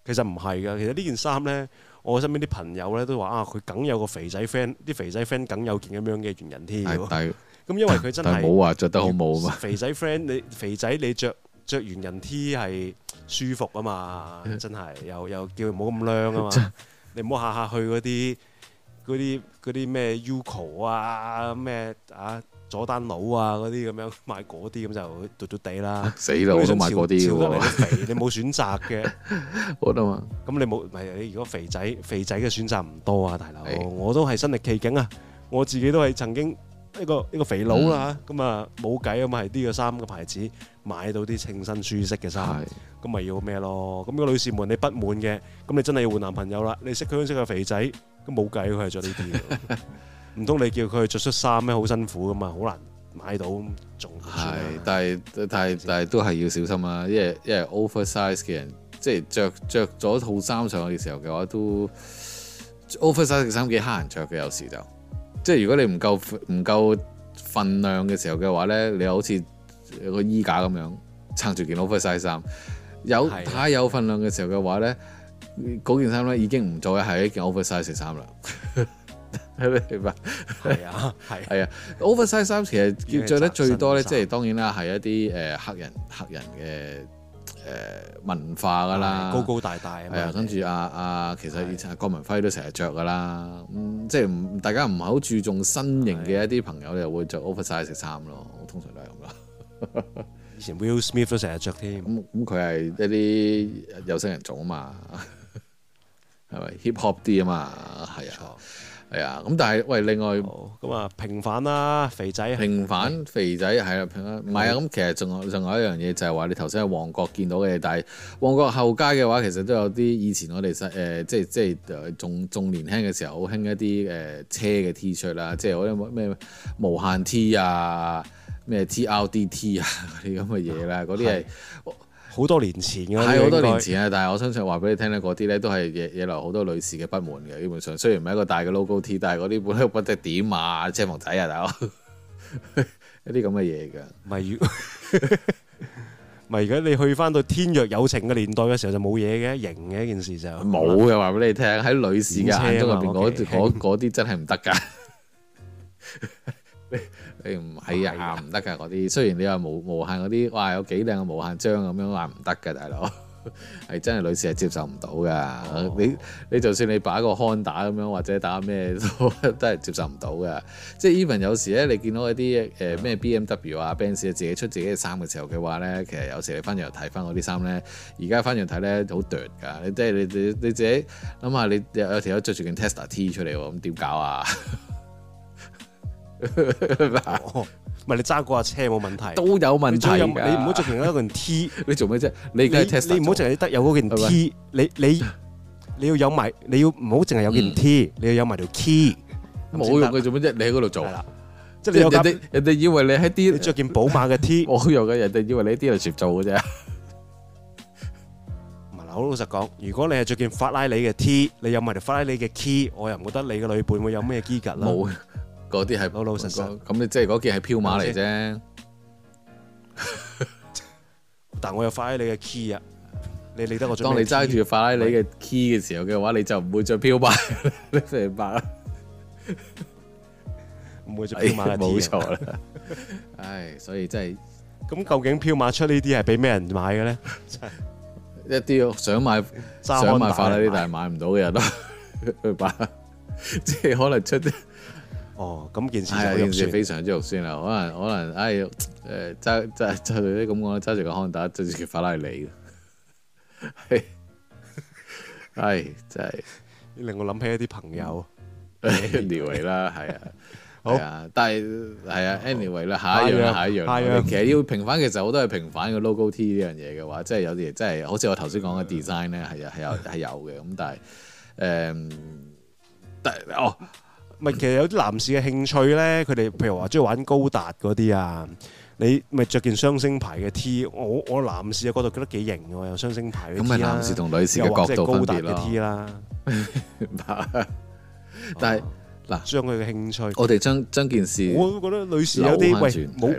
其實唔係噶，其實呢件衫咧，我身邊啲朋友咧都話啊，佢梗有個肥仔 friend，啲肥仔 friend 梗有，肯有這件咁樣嘅原人添。 [laughs] 但 但咁因為佢真係冇話着得好冇啊嘛，肥仔 friend 你肥仔你着著圓人 T 係舒服啊嘛，真係又又叫佢唔好咁靚啊嘛，你唔好下下去嗰啲嗰啲嗰啲咩 Uco 啊咩啊佐丹奴啊嗰啲咁樣買嗰啲咁就嘟嘟地啦，死啦了果都買啲肥，你冇選擇嘅，我都嘛，咁你冇咪你如果肥仔肥仔嘅選擇唔多啊大佬，我都係身歷其境啊，我自己都係曾經。一個一個肥佬啦嚇，咁啊冇計啊嘛，係啲嘅衫嘅牌子買到啲清新舒適嘅衫，咁咪是要咩咯？咁個女士們你不滿嘅，咁你真係要換男朋友啦！你識佢識個肥仔，咁冇計，佢係着呢啲，唔通 [laughs] 你叫佢着恤衫咩？好辛苦㗎嘛，好難買到做。係，但係但係但係都係要小心啊！因為因為 oversize 嘅人，即係著著咗套衫上去嘅時候嘅話，都 oversize 嘅衫幾難著嘅有時就。即係如果你唔夠唔夠份量嘅時候嘅話咧，你好似個衣架咁樣撐住件 oversize 衫。有的太有份量嘅時候嘅話咧，嗰件衫咧已經唔再係一件 oversize 嘅衫啦。係咪？係啊係啊 oversize 衫其實要着得最多咧，即係當然啦，係一啲誒黑人黑人嘅。誒文化噶啦，高高大大啊嘛，跟住阿阿其實以前郭文輝都成日着噶啦，嗯、即係唔大家唔係好注重身型嘅一啲朋友，你就會着 oversize 食衫咯，我通常都係咁咯。 [laughs] 以前 Will Smith 都成日着添，咁咁佢係一啲有色人種啊嘛，係 [laughs] 咪 hip hop 啲啊嘛，係啊。係啊，咁但係喂，另外咁啊，哦、平反啦，肥仔。平反反，肥仔係啊，的平唔係啊。咁、嗯、其實仲有仲有一樣嘢就係話，你頭先喺旺角見到嘅，但係旺角後街嘅話，其實都有啲以前我哋細誒，即係即係仲仲年輕嘅時候好興一啲誒、呃、車嘅 T 恤啊，shirt，即係嗰啲咩無限 T, T 啊，咩 TLDT 啊嗰啲咁嘅嘢啦，嗰啲係。好多年前嘅，係好多年前啊！但係我相信話俾你聽咧，嗰啲咧都係惹惹來好多女士嘅不滿嘅。基本上雖然唔係一個大嘅 logo T，但係嗰啲不得點啊、車模仔啊大佬， [laughs] 一啲咁嘅嘢嘅。咪如咪如果你去翻到天若有情嘅年代嘅時候就冇嘢嘅，型嘅一件事就冇嘅。話俾吧你聽喺女士嘅眼中入邊，嗰啲真係唔得㗎。你唔係呀，唔得噶嗰啲，雖然你話無無限嗰啲，哇有幾靚嘅無限章咁樣話唔得嘅，大佬係 [laughs] 真係女士係接受唔到嘅。哦、你你就算你擺個 Honda 咁樣或者打咩都 [laughs] 都係接受唔到嘅。即係 even 有時咧，你見到一啲誒咩、呃、BMW 啊、Benz 啊 ben z，自己出自己嘅衫嘅時候嘅話咧，其實有時你翻入嚟睇翻嗰啲衫咧，而家翻入睇咧好奪㗎，即係你你你，你，你自己諗下，你，想想想你有條友着住件 Tesla tee 出嚟咁點搞啊？嗯嗯嗯嗯嗯嗯嗯。唔係你揸過架車冇問題，都有問題。你唔好淨係嗰件 T，你做咩啫？你你唔好淨係得有嗰件 T，你你你要有埋，你要唔好淨係有件 T，你要有埋條 key。冇用嘅做咩啫？你喺嗰度做，即係人哋人哋以為你喺啲着件寶馬嘅 T，我用嘅人哋以為你喺啲度做嘅啫。嗱好老實講，如果你係着件法拉利嘅 T，你有埋條法拉利嘅 key，我又唔覺得你嘅女伴會有咩機搣啦。嗰啲係老老實實，咁你即係嗰件係飄馬嚟啫。但我有法拉利嘅 key 啊，你理得我？當你揸住法拉利嘅 key 嘅時候嘅話，你就唔會着飄馬，你明白啊？唔會再飄馬，冇錯啦。唉，所以真係，咁究竟飄馬出呢啲係俾咩人買嘅咧？一啲想買想買法拉利但係買唔到嘅人都明白？即係可能出啲。哦，咁件事非常之肉酸啦，可能可能，哎，誒，揸揸揸住啲咁講，揸住個康達，揸住架法拉利嘅，係真係令我諗起一啲朋友。Anyway 啦，係啊，係啊，但係係啊，Anyway 啦，下一樣下一樣。其實要平反，其實好多係平反嘅 logo T 呢樣嘢嘅話，即係有啲嘢，真係好似我頭先講嘅 design 咧，係啊係有係有嘅，咁但係誒，但係哦。咪其實有啲男士嘅興趣咧，佢哋譬如話中意玩高達嗰啲啊，你咪着件雙星牌嘅 T，我我男士嘅角度覺得幾型喎，有雙星牌嘅 T 男士同女士嘅角度嗰啲又或者高達嘅 T 啦 [laughs] 但。啊、但係嗱，將佢嘅興趣，我哋將將件事，我都覺得女士有啲喂冇。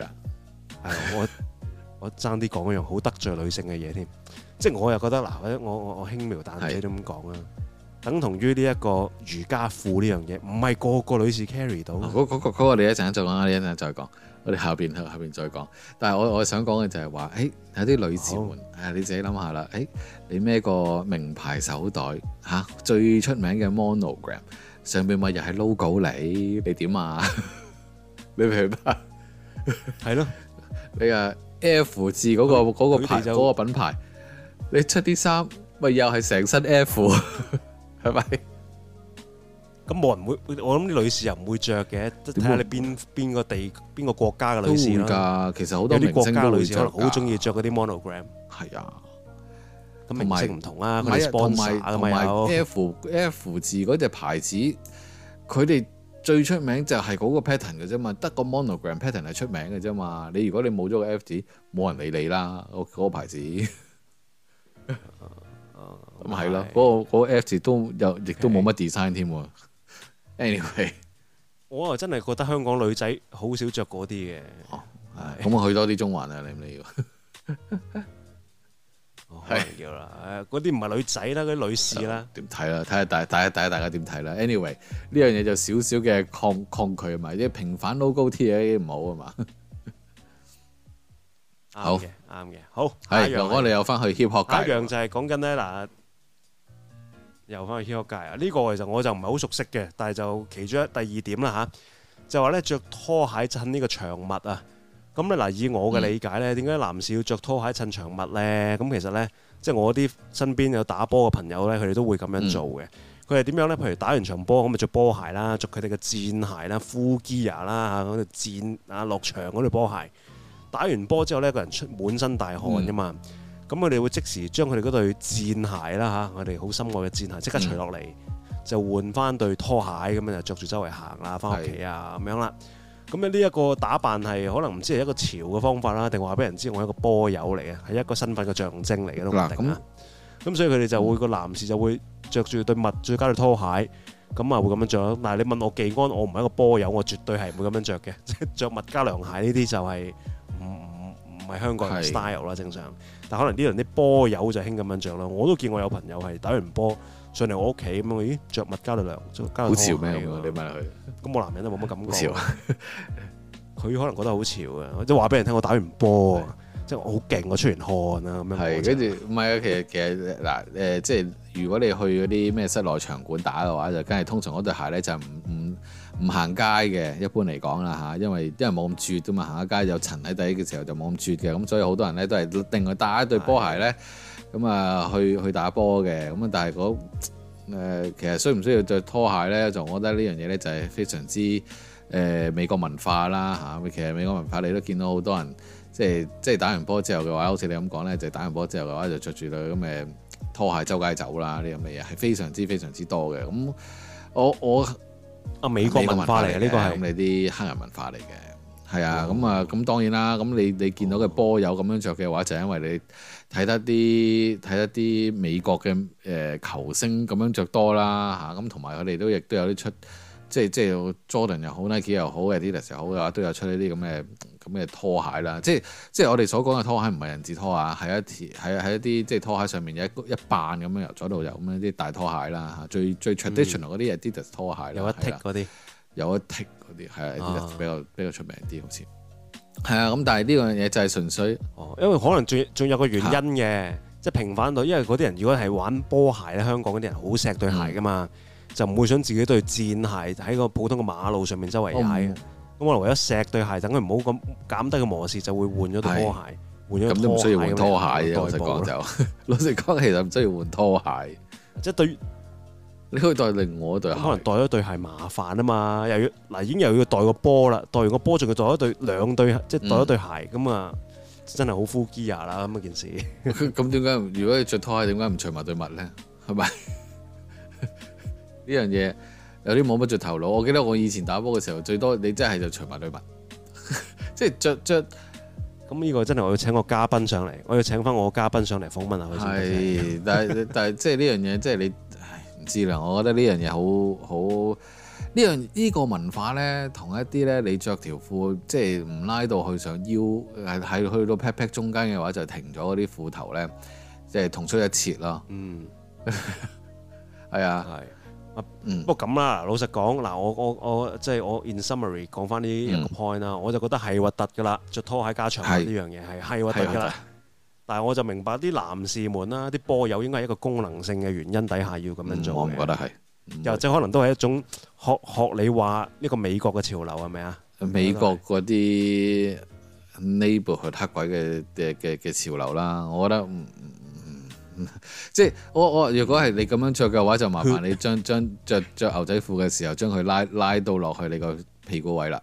我我爭啲講一樣好得罪女性嘅嘢添，即係我又覺得嗱，我我我，我，我輕描淡寫咁講啊。等同於呢一個瑜伽褲呢樣嘢，唔係個個女士 carry 到嗰嗰、哦那個。那個那個那個、你一陣再講，你一陣再講，我哋後邊後邊再講。但係我我想講嘅就係、是、話，誒、哎、有啲女士們誒、哦啊、你自己諗下啦。誒、哎、你孭個名牌手袋嚇、啊，最出名嘅 monogram 上邊咪又係 logo 嚟？你點啊？ [laughs] 你明白係咯？的 [laughs] 你個、啊、F 字嗰、那個嗰、嗯、個牌嗰個品牌，你出啲衫咪又係成身 F。 [laughs] 係咪？咁冇人會，我諗啲女士又唔會着嘅，都睇下你邊邊個地、邊個國家嘅女士啦。都會噶，其實好多啲國家女士可能好中意着嗰啲 monogram。係啊，咁名姓唔同啦，同埋同埋同埋，F F 字嗰隻牌子，佢哋最出名就係嗰個 pattern 嘅啫嘛，得個 monogram pattern 係出名嘅啫嘛。你如果你冇咗個 F 字，冇人理你啦，嗰個牌子。咁係咯，嗰個嗰個 Apps 都有，亦都冇乜 design 添。Anyway，我啊真係覺得香港女仔好少着嗰啲嘅。咁我去多啲中環啊，你唔你要？可能要啦。嗰啲唔係女仔啦，嗰啲女士啦。點睇啦？睇下大，睇下睇下大家點睇啦。Anyway，呢樣嘢就少少嘅抗抗拒啊嘛，啲平凡 logo 啲嘢唔好啊嘛。好啱嘅，好。係楊哥，你又翻去協學一樣就係講緊咧嗱。又翻去牽屋戒啊！呢、這個其實我就唔係好熟悉嘅，但係就其中一第二點啦吓、啊，就話咧着拖鞋襯呢個長襪啊。咁咧嗱，以我嘅理解咧，點解、嗯、男士要着拖鞋襯長襪咧？咁其實咧，即、就、係、是、我啲身邊有打波嘅朋友咧，佢哋都會咁樣做嘅。佢係點樣咧？譬如打完場波咁咪着波鞋啦，着佢哋嘅戰鞋啦、褲機啊啦吓嗰啲戰啊落場嗰啲波鞋。打完波之後咧，一個人出滿身大汗啫嘛。嗯咁我哋會即時將佢哋嗰對戰鞋啦吓，我哋好心愛嘅戰鞋，即刻除落嚟，嗯、就換翻對拖鞋咁樣就着住周圍行啦，翻屋企啊咁樣啦。咁咧呢一個打扮係可能唔知係一個潮嘅方法啦，定話俾人知我係一個波友嚟嘅，係一個身份嘅象徵嚟嘅都唔定啊。咁所以佢哋就會、嗰個男士就會着住對襪再加對拖鞋，咁啊會咁樣着，但係你問我技安，我唔係一個波友，我絕對係唔會咁樣着嘅，着 [laughs] 襪加涼鞋呢啲就係、是。係香港 style 啦，正常。是但可能啲人啲波友就興咁樣着啦。我都見過有朋友係打完波上嚟我屋企咁啊，咦着物加到涼，好潮咩？樣你問佢。咁我男人都冇乜感覺。佢潮 [laughs] 可能覺得好潮啊，即係話俾人聽我打完波，是即係我好勁，我出完汗啦咁樣。係，跟住唔係啊。其實其實嗱誒、呃，即係如果你去嗰啲咩室內場館打嘅話，就梗係通常嗰對鞋咧就唔唔。唔行街嘅，一般嚟講啦嚇，因為啲人冇咁絕啫嘛、啊，行下街有塵喺底嘅時候就冇咁絕嘅，咁、嗯、所以好多人咧都係另外帶一對波鞋咧，咁、嗯、啊去去打波嘅，咁、嗯、但係嗰、呃、其實需唔需要着拖鞋咧？就我覺得呢樣嘢咧就係非常之誒、呃、美國文化啦嚇、啊，其實美國文化你都見到好多人即係即係打完波之後嘅話，好似你咁講咧，就打完波之後嘅話就着住佢咁誒拖鞋周街走啦，呢樣嘢係非常之非常之多嘅，咁、嗯、我我。我我啊，美國文化嚟嘅，呢個係咁，你啲黑人文化嚟嘅，係、哦、啊，咁啊、嗯，咁、嗯、當然啦，咁你、嗯、你見到嘅波友咁樣着嘅話，哦、就係因為你睇得啲睇得啲美國嘅誒、呃、球星咁樣着多啦嚇，咁同埋佢哋都亦都有啲出，即係即係 Jordan 又好，Nike 又好，Adidas 又好嘅話，都有出呢啲咁嘅。咁嘅拖鞋啦，即係即係我哋所講嘅拖鞋唔係人字拖啊，係一條，係一啲即係拖鞋上面有一一瓣咁樣由左到右，有咁樣啲大拖鞋啦，嚇最最 traditional 啲 Adidas 拖鞋有一剔嗰啲，有一剔嗰啲係比較比較出名啲好似，係啊，咁但係呢樣嘢就係純粹，哦，因為可能仲仲有個原因嘅，即係、啊、平反到，因為嗰啲人如果係玩波鞋咧，香港嗰啲人好錫對鞋噶嘛，嗯、就唔會想自己對戰鞋喺個普通嘅馬路上面周圍踩。咁我為咗錫對鞋，等佢唔好咁減低個磨蝕，就會換咗對拖鞋，換咗拖鞋。咁都唔需要換拖鞋啊！老實講就，老實講其實唔需要換拖鞋，即係對。你可以代另外一對鞋，可能代咗對鞋麻煩啊嘛，又要嗱已經又要代個波啦，代完個波仲要代一對兩對，即係代一對鞋，咁啊真係好敷機啊啦咁嘅件事。咁點解？如果你着拖鞋，點解唔除埋對襪咧？係咪呢樣嘢？有啲摸唔着頭腦，我記得我以前打波嘅時候最多，你真係就除埋對襪， [laughs] 即係着着。咁呢個真係我要請個嘉賓上嚟，我要請返我嘉賓上嚟訪問下佢，但係 [laughs] 但係即係呢樣嘢，即係你，唉，唔知啦。我覺得呢樣嘢好好呢樣呢個文化咧，同一啲咧你着條褲即係唔拉到去上腰，係去到 pat pat 中間嘅話，就是、停咗嗰啲褲頭咧，即係同出一轍咯。嗯，係啊，係。嗯、不過咁啦，老實講，嗱我我我即係我 in summary 講翻呢一個 point 啦，嗯、我就覺得係核突噶啦，着拖鞋加長襪呢樣嘢係係核突噶啦。是但係我就明白啲男士們啦，啲波友應該係一個功能性嘅原因底下要咁樣做。嗯、我唔覺得係，嗯、又即係可能都係一種學學你話呢個美國嘅潮流係咪啊？是是美國嗰啲 neighbor 去黑鬼嘅嘅嘅潮流啦，我覺得。 [laughs] 即係我我如果係你咁樣着嘅話， [laughs] 就麻煩你將將着着牛仔褲嘅時候，將佢拉拉到落去你個屁股位啦。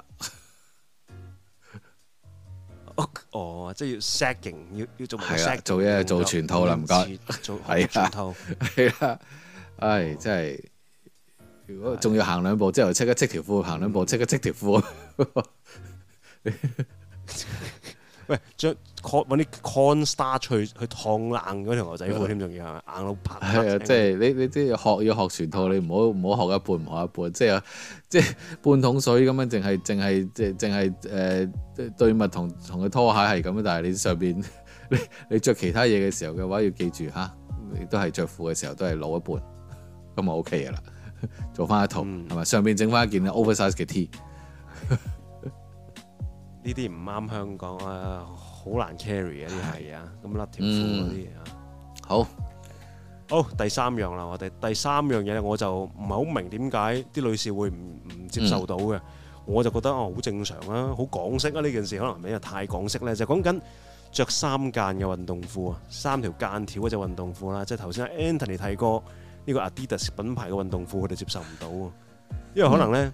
哦、 [laughs] okay. oh,，即係要 sagging 要要做一 ting, 做一做全套啦，唔該，做全套係啦，唉、 [laughs] 哎，真係。如果仲的要行兩步之後，即刻即條褲行兩步，即刻即條褲。喂，着搵啲 con star 去去燙硬嗰條牛仔褲，添仲要係嘛？硬到啪啪聲啊，即係你你啲學要學全套，對 你唔好唔好學一半，唔學一半，即係即係半桶水咁樣，淨係淨係即係淨係誒對襪同同嘅拖鞋係咁，但係你上邊你你著其他嘢嘅時候嘅話，要記住吓、啊、你都係着褲嘅時候都係攞一半，咁啊 OK 嘅啦，做翻一套係咪、嗯？上邊整翻一件 oversize 嘅 T。呢啲唔啱香港啊，好難 carry 嘅啲係啊，咁甩條褲嗰啲啊，好好第三樣啦，我哋第三樣嘢咧我就唔係好明點解啲女士會唔唔接受到嘅，我就覺得哦好正常啊，好港式啊呢件事，可能因為太港式咧，就講緊著三間嘅運動褲啊，三條間條嗰隻運動褲啦，即係頭先阿 Anthony 睇過呢個 Adidas 品牌嘅運動褲，佢哋接受唔到，因為可能咧呢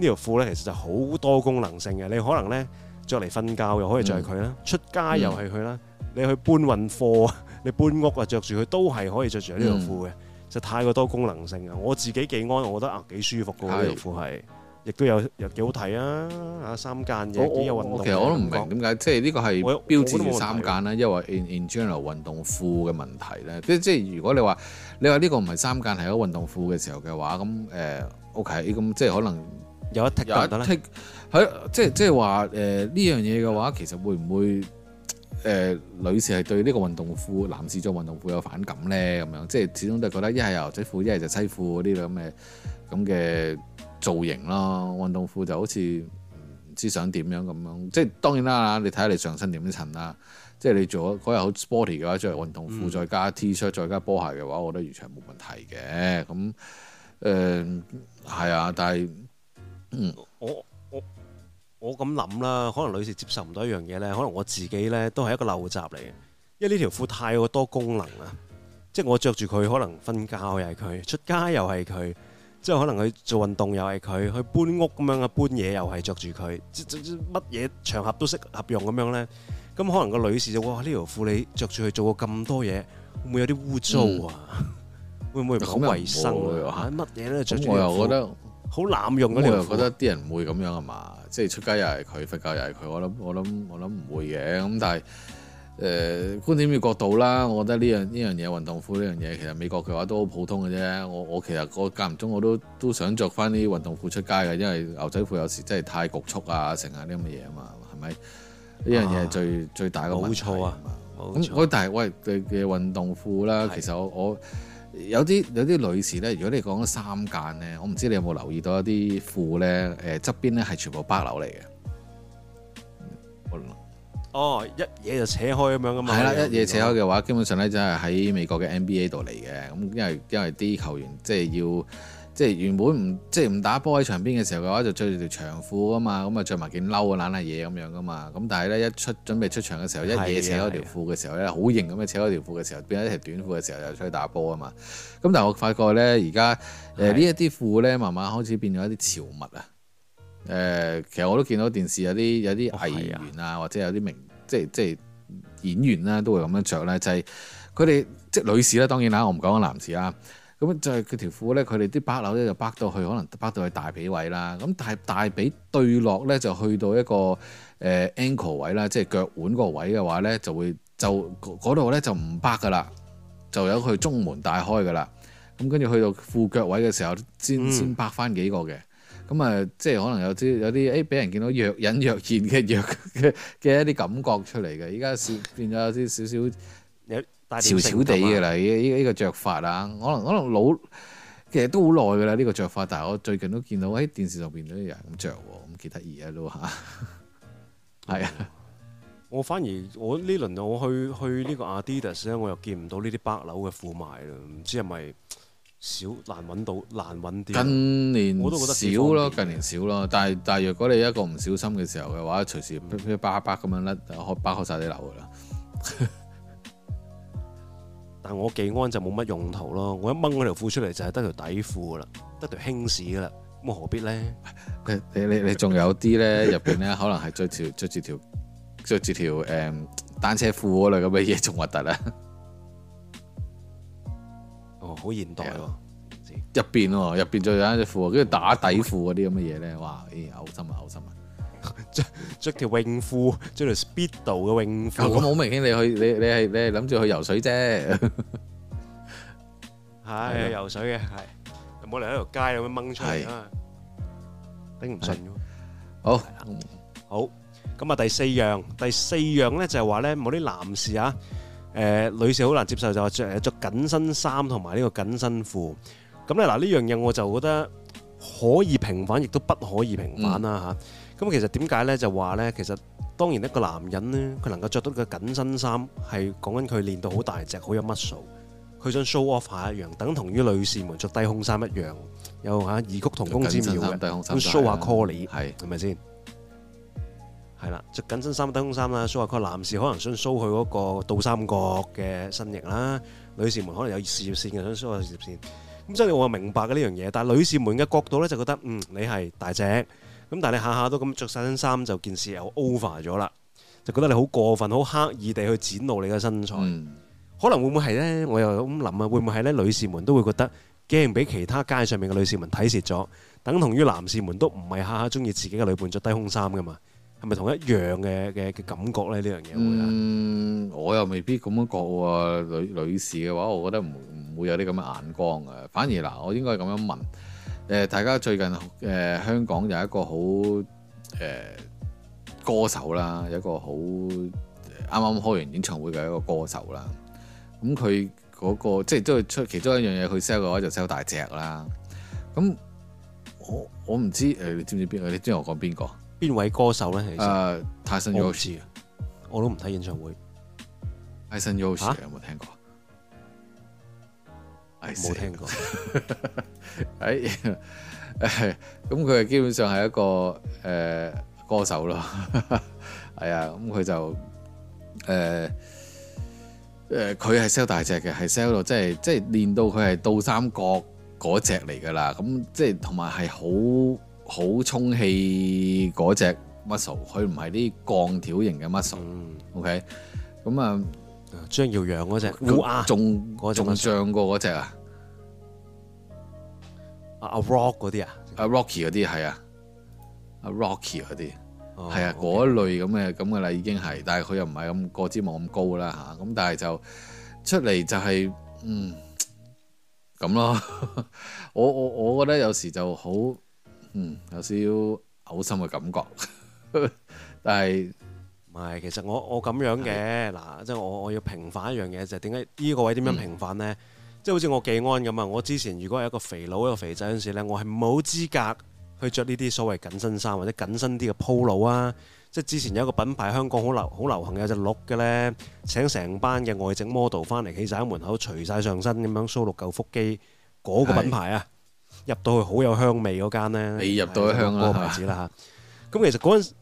條褲咧其實就好多功能性嘅，你可能咧。著嚟瞓覺又可以着係佢啦，嗯、出街又係佢啦。嗯、你去搬運貨， [laughs] 你搬屋啊，着住佢都係可以着住呢條褲嘅。就、嗯、太過多功能性啊！我自己幾安，我覺得啊幾舒服嘅呢條褲係，亦都、嗯、有又幾好睇啊！啊三間嘢，幾、okay, 有運動。其實我都唔明點解，我即係呢個係標誌三間啦，因為 in in general 運動褲嘅問題咧，即即係如果你話你話呢個唔係三間係一個運動褲嘅時候嘅話，咁誒、呃、OK，咁即係可能有一踢就得啦。係即係即係話誒呢樣嘢嘅話，其實會唔會誒、呃、女士係對呢個運動褲、男士著運動褲有反感咧？咁樣即係始終都係覺得一係牛仔褲，一係就西褲嗰啲咁嘅咁嘅造型咯。運動褲就好似唔知想點樣咁樣。即係當然啦，你睇下你上身點襯啦。即係你做嗰日好 sporty 嘅話，著運動褲再加 T 恤再加波鞋嘅話，我覺得完全冇問題嘅。咁誒係啊，但係嗯我。我咁諗啦，可能女士接受唔到一樣嘢咧。可能我自己咧都係一個陋習嚟嘅，因為呢條褲太過多功能啦，即係我着住佢，可能瞓覺又係佢，出街又係佢，即係可能佢做運動又係佢，去搬屋咁樣嘅，搬嘢又係着住佢，即乜嘢場合都適合用咁樣咧。咁可能個女士就哇，呢條褲你着住去做過咁多嘢，會唔會有啲污糟啊？嗯、會唔會唔好衛生、嗯、啊？乜嘢咧，着住我又覺得好濫用。咁你又覺得啲人唔會咁樣呀嘛？嗯即係出街又係佢，瞓覺又係佢。我諗我諗我諗唔會嘅咁。但係誒、呃、觀點嘅角度啦。我覺得呢樣呢樣嘢運動褲呢樣嘢，其實美國嘅話都好普通嘅啫。我我其實我間唔中我都都想着翻啲運動褲出街嘅，因為牛仔褲有時真係太局促啊，成啊啲咁嘅嘢啊嘛，係咪呢樣嘢係最、啊、最大嘅問題？冇錯啊，咁、啊那啊、但係喂嘅嘅運動褲啦，的其實我我。有啲有啲女士咧，如果你講三間咧，我唔知你有冇留意到一啲褲咧，誒側、呃、邊咧係全部啪鈕嚟嘅。哦，一嘢就扯開咁樣㗎嘛。係啦的，有有一嘢扯開嘅話，基本上咧就係喺美國嘅 NBA 度嚟嘅。咁因為因為啲球員即係要。即係原本唔即係唔打波喺場邊嘅時候嘅話，就着住條長褲啊嘛，咁啊着埋件褸啊懶下嘢咁樣噶嘛。咁但係咧一出準備出場嘅時候， 一嘢扯開條褲嘅時候咧，好對型咁嘅扯開條褲嘅時候，變咗一條短褲嘅時候又出去打波啊嘛。咁但係我發覺咧，而家誒呢一啲褲咧，慢慢開始變咗一啲潮物啊。誒、呃，其實我都見到電視有啲有啲藝員啊，哦、或者有啲名即係即係演員啦、啊，都會咁樣着咧，就係佢哋即係女士啦，當然啦，我唔講男士啦。咁就係佢條褲咧，佢哋啲包摺咧就包到去，可能包到去大髀位啦。咁但係大髀對落咧就去到一個誒、呃、ankle 位啦，即係腳腕嗰個位嘅話咧就會就嗰度咧就唔包噶啦，就有去中門大開噶啦。咁跟住去到褲腳位嘅時候先先包翻幾個嘅。咁啊即係可能有啲有啲誒俾人見到若隱若現嘅若嘅嘅 [laughs] 一啲感覺出嚟嘅。而家變咗有啲少少一。 [laughs] 潮潮哋嘅啦，呢呢呢個著法啊，可能可能老，其實都好耐嘅啦呢個着法。但係我最近都見到喺電視上邊都有人咁著喎，咁幾得意呀都嚇。係啊，我反而我呢輪我去去呢個 Adidas 我又見唔到呢啲白樓嘅褲賣啦，唔知係咪少，難揾到難揾啲。近年我都覺得少啦，近年少啦。但係但係，若果你一個唔小心嘅時候嘅話，隨時噼噼叭叭咁樣甩，就開包好晒啲樓嘅啦。但我技安就冇乜用途咯，我一掹嗰條褲出嚟就係得條底褲啦，得條輕屎啦，咁何必咧？你你你仲有啲咧入邊咧，可能係着條着住條着住條誒單車褲嗰類咁嘅嘢，仲核突咧？哦，好現代喎，入邊喎，入邊仲有一條褲，跟住打底褲嗰啲咁嘅嘢咧，哇，唉、欸，嘔心啊，嘔心啊！着着條泳褲，着條 Speedo 嘅泳褲咁好明顯，你去你你係你係諗住去游水啫，係去游水嘅係冇理由喺條街咁樣掹出嚟啊，頂唔順。好好咁啊，第四樣第四樣咧就係話咧，冇啲男士啊，誒，女士好難接受就係着着緊身衫同埋呢個緊身褲咁咧，嗱，呢樣嘢我就覺得可以平反，亦都不可以平反啦吓。咁其實點解咧？就話咧，其實當然一個男人咧，佢能夠著到個緊身衫，係講緊佢練到好大隻、好有 muscle，佢想 show off 下一樣，等同於女士們著低胸衫一樣，有嚇異曲同工之妙嘅。緊身衫、低胸衫，咁 show 下 core 嘅，係係咪先？係啦，著緊身衫、低胸衫啦，show 下佢男士可能想 show 佢嗰個倒三角嘅身形啦，女士們可能有事業線嘅想 show 下事業線。咁所以我係明白嘅呢樣嘢，但係女士們嘅角度咧就覺得，嗯，你係大隻。咁但係你下下都咁着曬身衫就件事又 over 咗啦，就覺得你好過分、好刻意地去展露你嘅身材，可能會唔會係呢？我又咁諗啊，會唔會係呢？女士們都會覺得驚俾其他街上面嘅女士們睇蝕咗，等同於男士們都唔係下下中意自己嘅女伴著低胸衫噶嘛？係咪同一樣嘅嘅嘅感覺呢？呢樣嘢會唔會啊？我又未必咁樣講喎，女女士嘅話，我覺得唔唔會有啲咁嘅眼光啊。反而嗱，我應該咁樣問。誒，大家最近誒、呃、香港有一個好誒、呃、歌手啦，有一個好啱啱開完演唱會嘅一個歌手啦。咁佢嗰個即係都係出其中一樣嘢佢 sell 嘅話，就 sell 大隻啦。咁、嗯、我我唔知誒、呃，你知唔知邊個？你知我講邊個？邊位歌手咧？誒，呃、Tyson Yoshi，我都唔睇演唱會。Tyson Yoshi，啊，有冇聽過？冇聽過，哎，咁佢係基本上係一個誒、呃、歌手咯，係啊，咁佢就誒誒佢係 sell 大隻嘅，係 sell 到即係即係練到佢係倒三角嗰隻嚟㗎喇，咁即係同埋係好好充氣嗰隻 muscle，佢唔係啲鋼條型嘅 muscle，OK，咁啊張耀揚嗰隻，仲嗰仲上過嗰隻啊！阿 Rock 嗰啲啊，阿 Rocky 嗰啲係啊，阿 Rocky 嗰啲係啊，嗰一類咁嘅咁嘅啦，已經係，但係佢又唔係咁個資望咁高啦嚇，咁、啊、但係就出嚟就係、是、嗯咁咯。我我我覺得有時就好嗯有少少嘔心嘅感覺，但係唔係其實我我咁樣嘅嗱，即係是、就是、我我要平反一樣嘢就係點解呢個位點樣平反咧？嗯即係好似我記安咁啊！我之前如果係一個肥佬一個肥仔嗰陣時咧，我係冇資格去著呢啲所謂緊身衫或者緊身啲嘅 polo 啊！即係之前有一個品牌香港好流好流行有隻鹿嘅咧，請成班嘅外籍 model 翻嚟企曬喺門口，除曬上身咁樣 show 六嚿腹肌，嗰個品牌啊，入到去好有香味嗰間咧，你入到香嗰個牌子啦嚇！咁其實嗰陣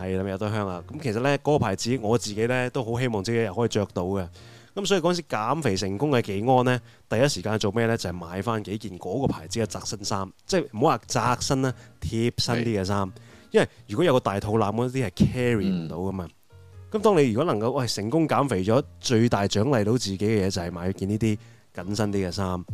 係諗入到香啊！咁其實咧嗰個牌子我自己咧都好希望自己又可以著到嘅。咁所以嗰陣時減肥成功嘅幾安呢？第一時間做咩呢？就係、是、買翻幾件嗰個牌子嘅窄身衫，即係唔好話窄身啦，貼身啲嘅衫。因為如果有個大肚腩嗰啲係 carry 唔到㗎嘛。咁、嗯、當你如果能夠喂、哎、成功減肥咗，最大獎勵到自己嘅嘢就係買一件呢啲緊身啲嘅衫，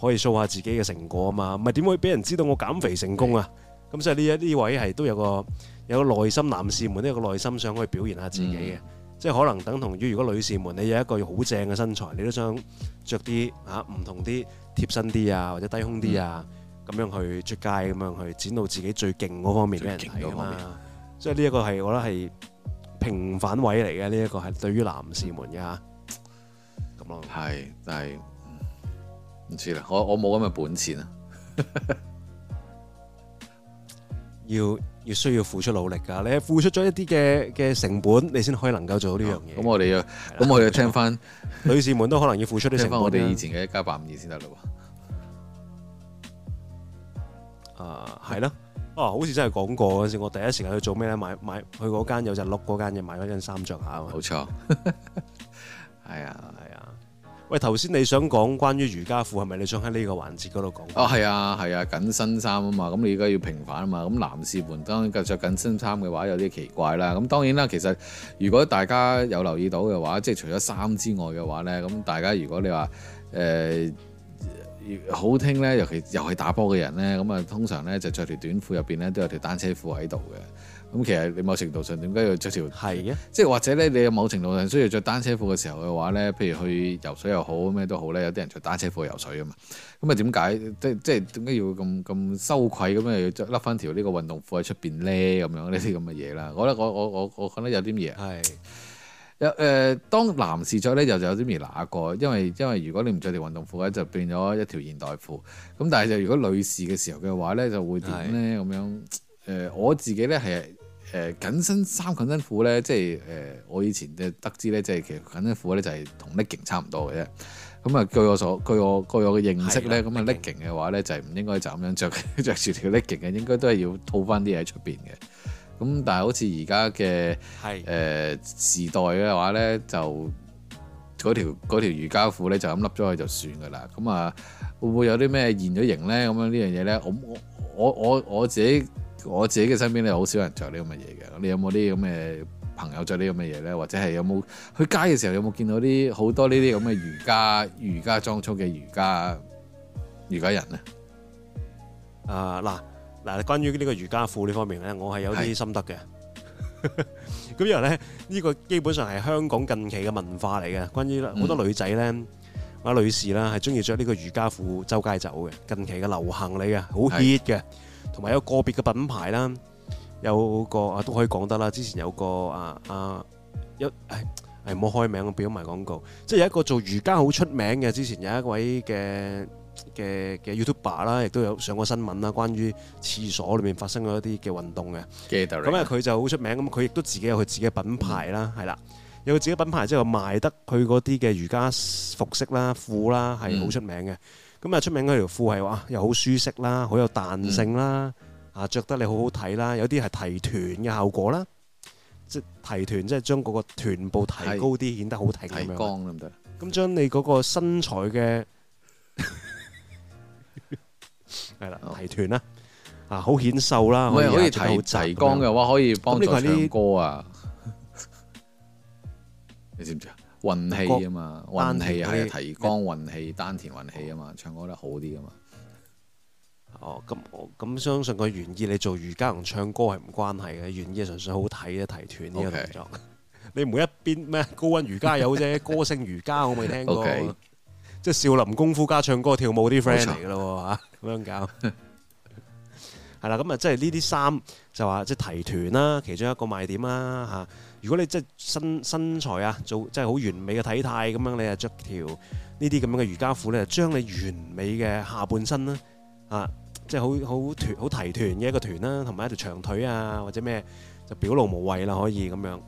可以 show 下自己嘅成果啊嘛。唔係點會俾人知道我減肥成功啊？咁、嗯、所以呢一啲位係都有個有個內心男士們都有個內心想可以表現下自己嘅。嗯即係可能等同於，如果女士們你有一個好正嘅身材，你都想着啲啊唔同啲貼身啲啊，或者低胸啲啊，咁、嗯、樣去出街，咁樣去展露自己最勁嗰方面俾人睇啊嘛。即係呢一個係我覺得係平反位嚟嘅，呢、這、一個係對於男士們嘅嚇咁咯。係、嗯，但係唔、嗯、知啦，我我冇咁嘅本錢啊。 [laughs] 要。要需要付出努力噶，你係付出咗一啲嘅嘅成本，你先可以能夠做到呢樣嘢。咁我哋，咁的我哋聽翻，女士們都可能要付出啲成本。我哋以前嘅一加八五二先得咯。啊，係咯，啊，好似真係講過嗰陣時我第一時間去做咩咧？買買去嗰間有隻鹿嗰間嘢買咗件衫着下啊嘛。冇沒錯，係 [laughs] 啊、哎。喂，頭先你想講關於瑜伽褲係咪？是是你想喺呢個環節嗰度講啊？係啊，係啊，緊身衫啊嘛。咁你而家要平反啊嘛。咁男士們當着緊身衫嘅話有啲奇怪啦。咁當然啦，其實如果大家有留意到嘅話，即係除咗衫之外嘅話呢，咁大家如果你話誒、呃、好聽呢，尤其又係打波嘅人呢，咁啊通常呢，就着條短褲入邊呢，都有條單車褲喺度嘅。咁其實你某程度上點解要着條的？係啊，即係或者咧，你有某程度上需要着單車褲嘅時候嘅話咧，譬如去游水又好咩都好咧，有啲人着單車褲游水啊嘛。咁啊點解？即即係點解要咁咁羞愧咁樣要着甩翻條呢個運動褲喺出邊咧？咁樣呢啲咁嘅嘢啦，我我我我，我覺得我我我我覺得有啲嘢係有誒。的當男士着咧又就有啲咩乸過，因為因為如果你唔着條運動褲咧，就變咗一條現代褲。咁但係就如果女士嘅時候嘅話咧，就會點咧咁樣？誒的、呃，我自己咧係。誒緊、呃、身衫、緊身褲咧，即係誒、呃、我以前就得知咧，即係其實緊身褲咧就係同 legging 差唔多嘅啫。咁啊，據我所據我據我嘅認識咧，咁啊 legging 嘅話咧就係、是、唔應該就咁樣着 [laughs] 著住條 legging 嘅，應該都係要套翻啲嘢喺出邊嘅。咁但係好似而家嘅誒時代嘅話咧，就嗰條嗰條瑜伽褲咧就咁笠咗去就算㗎啦。咁啊會唔會有啲咩現咗形咧？咁樣呢樣嘢咧，我我我我，我，我，我，我自己。自己我自己嘅身邊咧，好少人着呢咁嘅嘢嘅。你有冇啲咁嘅朋友着呢咁嘅嘢咧？或者係有冇去街嘅時候有冇見到啲好多呢啲咁嘅瑜伽瑜伽裝束嘅瑜伽瑜伽人咧？啊嗱嗱，關於呢個瑜伽褲呢方面咧，我係有啲心得嘅。咁因是 [laughs] 為咧，呢、呢個基本上係香港近期嘅文化嚟嘅。關於好多女仔咧，或者、嗯、女士啦，係中意着呢個瑜伽褲周街走嘅。近期嘅流行嚟嘅，好 hit 嘅。同埋有個，個別嘅品牌啦，有個啊都可以講得啦。之前有個啊啊，一、啊、唉唉唔好開名啊，表咗埋廣告。即係有一個做瑜伽好出名嘅，之前有一位嘅嘅嘅 YouTuber 啦，亦都有上過新聞啦，關於廁所裏面發生咗一啲嘅運動嘅。咁啊，佢就好出名，咁佢亦都自己有佢自己嘅品牌啦，係啦、嗯，有佢自己品牌之後賣得佢嗰啲嘅瑜伽服飾啦、褲啦，係好出名嘅。嗯咁啊，出名嗰條褲係話，又好舒適啦，好有彈性啦，啊着得你好好睇啦，有啲係提臀嘅效果啦，即係提臀，即係將嗰個臀部提高啲，顯得好睇咁樣。提光得唔得？咁將你嗰個身材嘅係啦，提臀啦，啊好顯瘦啦，可以可以提提光嘅話，可以幫住呢個呢個啊。你知唔知啊？運氣啊嘛，運氣係提肛運氣，丹田運氣啊嘛，唱歌得好啲啊嘛。哦，咁咁相信佢原意，你做瑜伽同唱歌係唔關係嘅，原意純粹好睇啫，提肛呢個動作。你唔會一邊咩高溫瑜伽有啫，歌聲瑜伽我未聽過。即係少林功夫加唱歌跳舞啲 friend 嚟嘅咯，嚇咁樣搞。係啦，咁啊，即係呢啲衫就話即係提肛啦，其中一個賣點啦，嚇。如果你即係身身材啊，做即係好完美嘅體態咁樣，你係着條呢啲咁樣嘅瑜伽褲咧，將你完美嘅下半身啦，啊，即係好好團好提團嘅一個團啦，同埋一條長腿啊，或者咩就表露無遺啦，可以咁樣。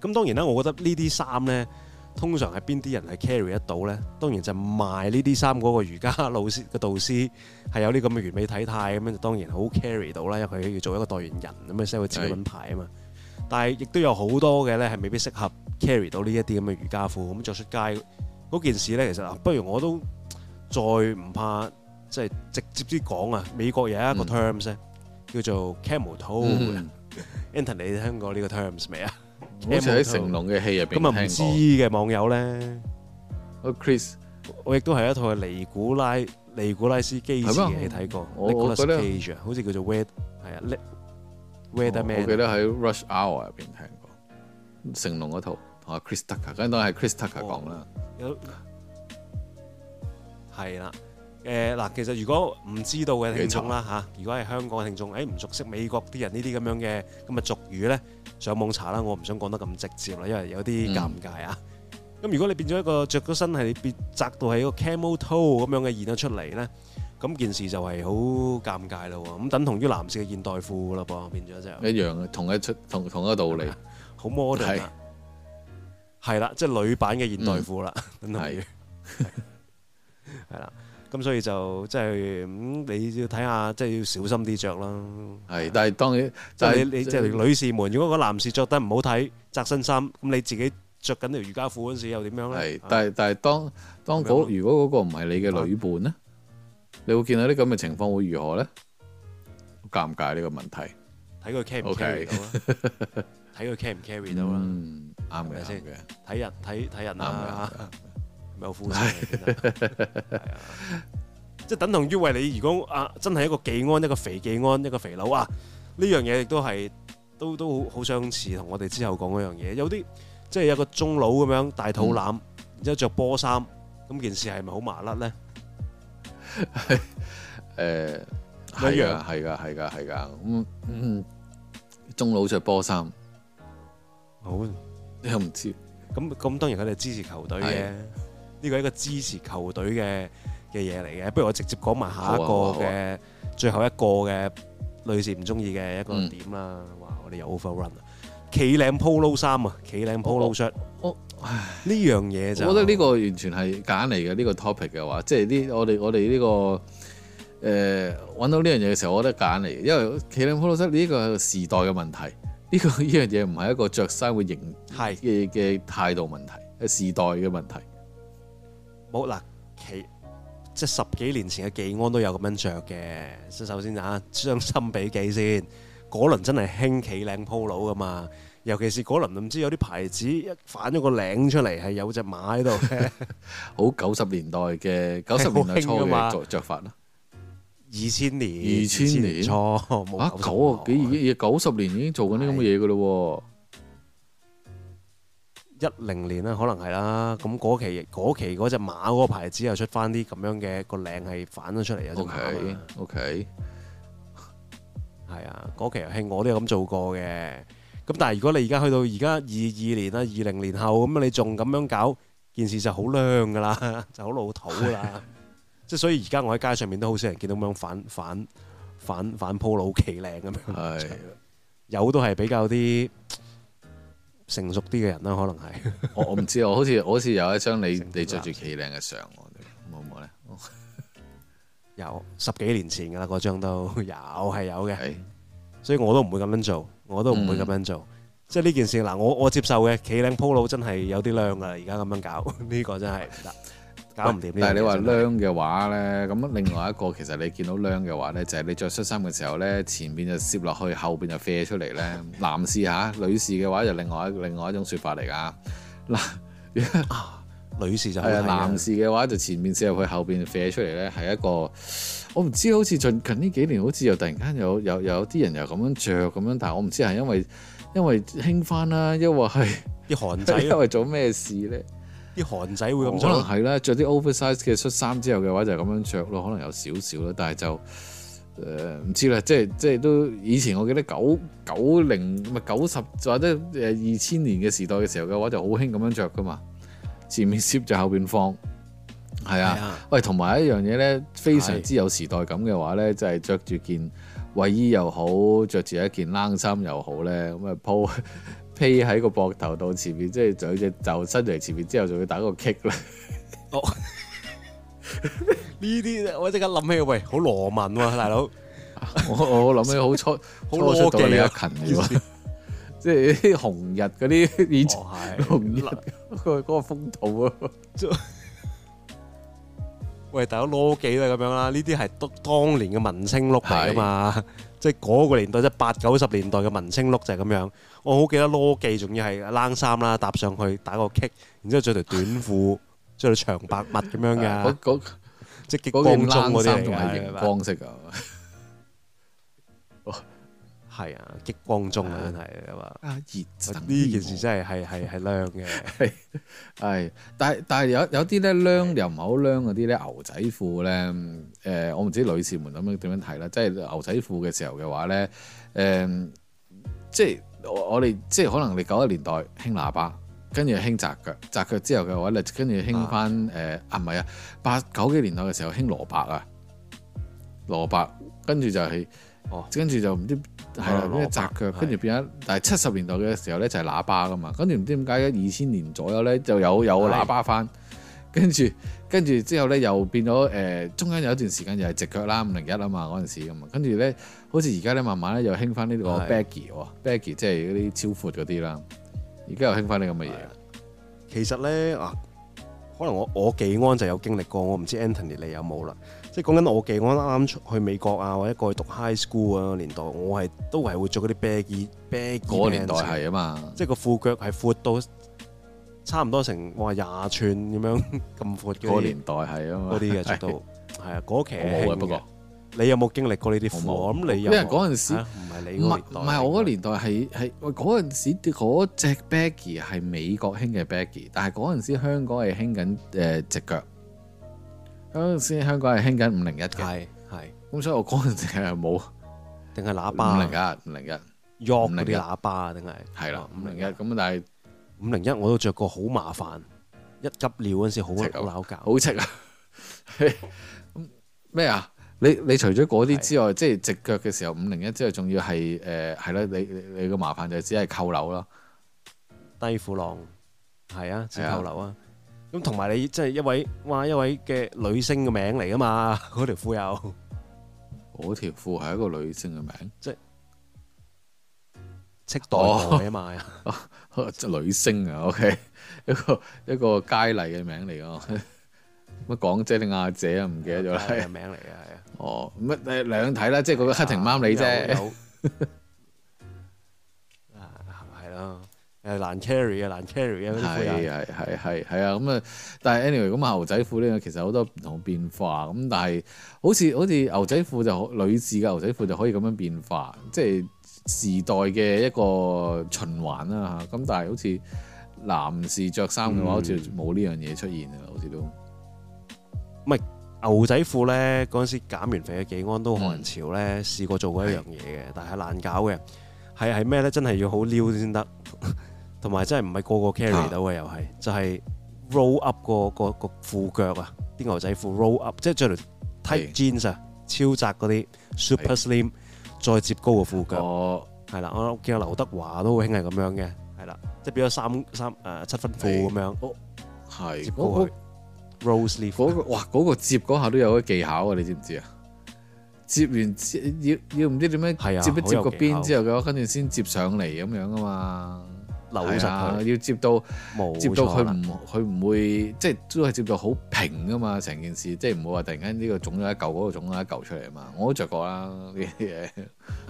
咁當然啦，我覺得呢啲衫咧，通常係邊啲人係 carry 得到咧？當然就賣呢啲衫嗰個瑜伽老師嘅導師係有呢咁嘅完美體態咁樣，就當然好 carry 到啦，因為佢要做一個代言人咁去 sell 佢自己品牌啊嘛。但係亦都有好多嘅咧係未必適合 carry 到呢一啲咁嘅瑜伽褲咁再出街嗰件事咧，其實啊，不如我都再唔怕即係直接啲講啊！美國有一個 terms 咧，叫做 camel toe。Antony，你聽過呢個 terms 未啊？好似喺成龍嘅戲入邊聽過。咁啊唔知嘅網友咧，Chris，我亦都係一套尼古拉尼古拉斯基爾嘅，你睇過？尼古拉斯基爾好似叫做 Red，係啊，Let。Weather man, 哦、我記得喺《Rush Hour》入邊聽過，成龍嗰套同阿 Chris Tucker，咁當然係 Chris Tucker 講啦。係啦、哦，誒嗱、呃，其實如果唔知道嘅聽眾啦嚇、啊，如果係香港嘅聽眾，誒、哎、唔熟悉美國啲人呢啲咁樣嘅咁嘅俗語咧，上網查啦。我唔想講得咁直接啦，因為有啲尷尬啊。咁、嗯、如果你變咗一個着咗身係你變窄到係一個 camel toe 咁樣嘅現咗出嚟咧。咁件事就係好尷尬咯，咁等同於男士嘅現代褲啦噃，變咗就一樣嘅，同一出同同一道理，好 modern，係啦，即係女版嘅現代褲啦，真係，係啦，咁所以就即係咁，你要睇下，即係要小心啲著啦。係，但係當然，就係你即係女士們，如果個男士著得唔好睇，窄身衫，咁你自己著緊條瑜伽褲嗰陣時又點樣咧？係，但係但係，當當嗰如果嗰個唔係你嘅女伴咧？你會見到啲咁嘅情況會如何咧？尷尬呢個問題，睇佢 carry 唔 carry 到，睇佢 carry 唔 carry 到啦。啱嘅先，睇人睇睇人啊，嘅的。唔係好膚淺，即係等同於為你。如果啊，真係一個技安，一個肥技安，一個肥佬啊，呢樣嘢亦都係都都好相似，同我哋之後講嗰樣嘢。有啲即係一個中佬咁樣大肚腩，然之後着波衫，咁件事係咪好麻甩咧？係誒，係噶、 [laughs] 呃，係噶，係噶，係噶。咁、嗯嗯、中老着波衫，好你又唔知？咁咁當然佢哋支持球隊嘅，呢個係一個支持球隊嘅嘅嘢嚟嘅。不如我直接講埋下一個嘅、啊啊、最後一個嘅類似唔中意嘅一個點啦。嗯、哇，我哋有 overrun 啊！企領 polo 衫啊，企領 polo shirt。呢樣嘢，就，我覺得呢個完全係揀嚟嘅呢個 topic 嘅話，即係呢我哋我哋呢、這個誒，揾、呃、到呢樣嘢嘅時候，我覺得揀嚟，因為企領 polo 恤呢、這個係時代嘅問題，呢、這個呢樣嘢唔係一個着衫會型係嘅嘅態度問題，係時代嘅問題。好嗱，企，即係十幾年前嘅技安都有咁樣着嘅，首先啊，將心比己先，嗰輪真係興企領 polo 㗎嘛。尤其是嗰輪唔知有啲牌子一反咗個領出嚟，係有隻馬喺度嘅，好九十年代嘅九十年代初嘅著著法啦。二千年，二千年，錯冇九啊幾？九十年已經做緊啲咁嘅嘢噶咯喎。一零年啦，可能係啦。咁嗰期嗰期嗰隻馬嗰個牌子又出翻啲咁樣嘅個領係反咗出嚟有隻馬。O K O K，係啊，嗰期慶我都有咁做過嘅。咁但係如果你而家去到而家二二年啊二零年後，咁你仲咁樣搞件事就好靚噶啦，就好老土噶啦。 [laughs] 即係所以而家我喺街上面都好少人見到咁樣反反反反鋪路奇靚咁樣。係的有都係比較啲成熟啲嘅人啦，可能係我我唔知啊，好似好似有一張你你着住奇靚嘅相我哋冇冇咧，有十幾年前噶啦，嗰張都有係有嘅，的所以我都唔會咁樣做。我都唔會咁樣做，嗯、即係呢件事嗱，我我接受嘅企領鋪佬真係有啲娘噶，而家咁樣搞呢、呢個真係唔 [laughs] 搞唔掂。但係你話娘嘅話呢，咁另外一個 [laughs] 其實你見到娘嘅話呢，就係、是、你着恤衫嘅時候呢，前面就攝落去，後邊就飛出嚟呢。男士吓，女士嘅話就另外一另外一種説法嚟㗎。嗱 [laughs] [laughs] 女士就係男士嘅話就前面攝入去，後邊就飛出嚟呢，係一個。我唔知，好似近近呢幾年，好似又突然間有有有啲人又咁樣着。咁樣，但係我唔知係因為因為興翻啦，因為係啲韓仔，因為做咩事呢？啲韓仔會咁著咯，係啦，着啲 oversize 嘅恤衫之後嘅話就咁樣着咯，可能有少少啦，但係就誒唔、呃、知啦，即係即係都以前我記得九九零咪九十或者二千年嘅時代嘅時候嘅話就好興咁樣着㗎嘛，前面攝就後邊放。係啊，喂，同埋一樣嘢咧，非常之有時代感嘅話咧，的就係着住件衞衣又好，着住一件冷衫又好咧，咁啊鋪披喺個膊頭度前面，即係仲有隻就伸嚟前面之後，仲要打個棘。呢啲我即刻諗起，喂，好羅文喎，啊，大佬。 [laughs] 我我諗起好初好羅技啊，勤啲喎。即係啲紅日嗰啲演出，紅日嗰個風度啊。 [laughs] 喂，大家羅記都係咁樣啦，呢啲係當年嘅文青 look 嚟噶嘛，是即係嗰個年代，即係八九十年代嘅文青 look 就係咁樣。我好記得羅記仲要係冷衫啦，搭上去打個棘，然之後着條短褲，着對 [laughs] 長白襪咁樣㗎。 [laughs] 即係極光冷衫仲係熒光色㗎。吧 [laughs] 係啊，激光中啊真係啊嘛，啊熱質 [laughs] 呢件事真係係係係靚嘅，係但係但係有有啲咧靚又唔係好靚嗰啲咧牛仔褲咧，誒、嗯、我唔知女士們咁樣點樣睇啦，即、就、係、是、牛仔褲嘅時候嘅話咧，誒、嗯、即係我哋即係可能你九十年代興喇叭，跟住興窄腳窄腳之後嘅話咧，跟住興翻誒啊唔係啊八九幾年代嘅時候興蘿蔔啊蘿蔔，跟住就係、是、哦，跟住、嗯、就唔知。係啦，呢個窄腳，跟住變咗。但係七十年代嘅時候咧，就係喇叭噶嘛。跟住唔知點解咧，二千年左右咧就有有喇叭翻。跟住跟住之後咧，又變咗誒，中間有一段時間又係直腳啦，五零一啊嘛嗰陣時咁啊。跟住咧，好似而家咧，慢慢咧又興翻呢個 baggy 喎，baggy 即係嗰啲超闊嗰啲啦。而家又興翻呢咁嘅嘢。其實咧啊，可能我我幾安就有經歷過，我唔知 Anthony 你有冇啦。即係講緊我記，我啱啱去美國啊，或者過去讀 high school 啊年代，我係都係會著嗰啲 baggy baggy 嘅。嗰個年代係啊嘛，即係個褲腳係闊到差唔多成哇廿寸咁樣咁闊嘅。嗰個年代係啊嘛，嗰啲嘅著到係啊，嗰期係興嘅。你有冇經歷過呢啲褲？我諗你有。因為嗰陣時唔係你年代，唔係我嗰年代係係嗰陣時嗰隻 baggy 係美國興嘅 baggy，但係嗰陣時香港係興緊誒只腳。嗰陣時香港係興緊五零一嘅，係，咁所以我嗰陣時係冇，定係喇叭五零一，五零一，約嗰啲喇叭啊，定係，係啦，五零一，咁但係五零一我都着過，好麻煩，一急尿嗰陣時好，好扭膠，好戚啊，咁咩直 [laughs] [laughs] 啊？你你除咗嗰啲之外，的即係直腳嘅時候五零一之外，仲要係誒係啦，你你你個麻煩就只係扣留咯，低褲浪，係啊，只扣留啊。咁同埋你即係、就是、一位哇一位嘅女星嘅名嚟噶嘛？嗰條褲有，嗰條褲係一個女星嘅名，即係赤朵啊嘛呀，哦，即 [laughs] 係女星啊，OK， [laughs] 一個一個佳麗嘅名嚟咯。乜 [laughs] 港姐定亞姐啊？唔記得咗喇係名嚟嘅係啊。哦，乜誒兩睇啦，即係嗰個黑婷貓你啫。啊，係咯。 [laughs] [laughs] 係難 carry 啊，難 carry 啊，嗰啲褲係係係係啊，咁啊，但係 anyway 咁牛仔褲呢樣其實好多唔同變化咁，但係好似好似牛仔褲就女士嘅牛仔褲就可以咁樣變化，即係時代嘅一個循環啦咁但係好似男士着衫嘅話，好似冇呢樣嘢出現啊，好似都唔係牛仔褲咧。嗰陣時減完肥嘅紀安都韓潮咧，試過做過一樣嘢嘅，但係難搞嘅，係係咩咧？真係要好撩先得。同埋真係唔係個個 carry 到嘅，又係就係 roll up 個個個褲腳啊！啲牛仔褲 roll up，即係着條 type jeans 啊，超窄嗰啲 super slim 再接高個褲腳，係啦。我見阿劉德華都好興係咁樣嘅，係啦，即係變咗三三誒七分褲咁樣。哦，係我覺得 roll sleeve 嗰個哇嗰個折嗰下都有啲技巧啊！你知唔知啊？接完要要唔知點樣接一接個邊之後嘅話，跟住先接上嚟咁樣啊嘛。係啊，要接到沒錯 接到佢唔佢唔會即係都係接到好平㗎嘛！成件事即係唔會話突然間呢個腫咗一嚿，嗰、那個腫咗一嚿出嚟啊嘛！我都着過啦，呢啲嘢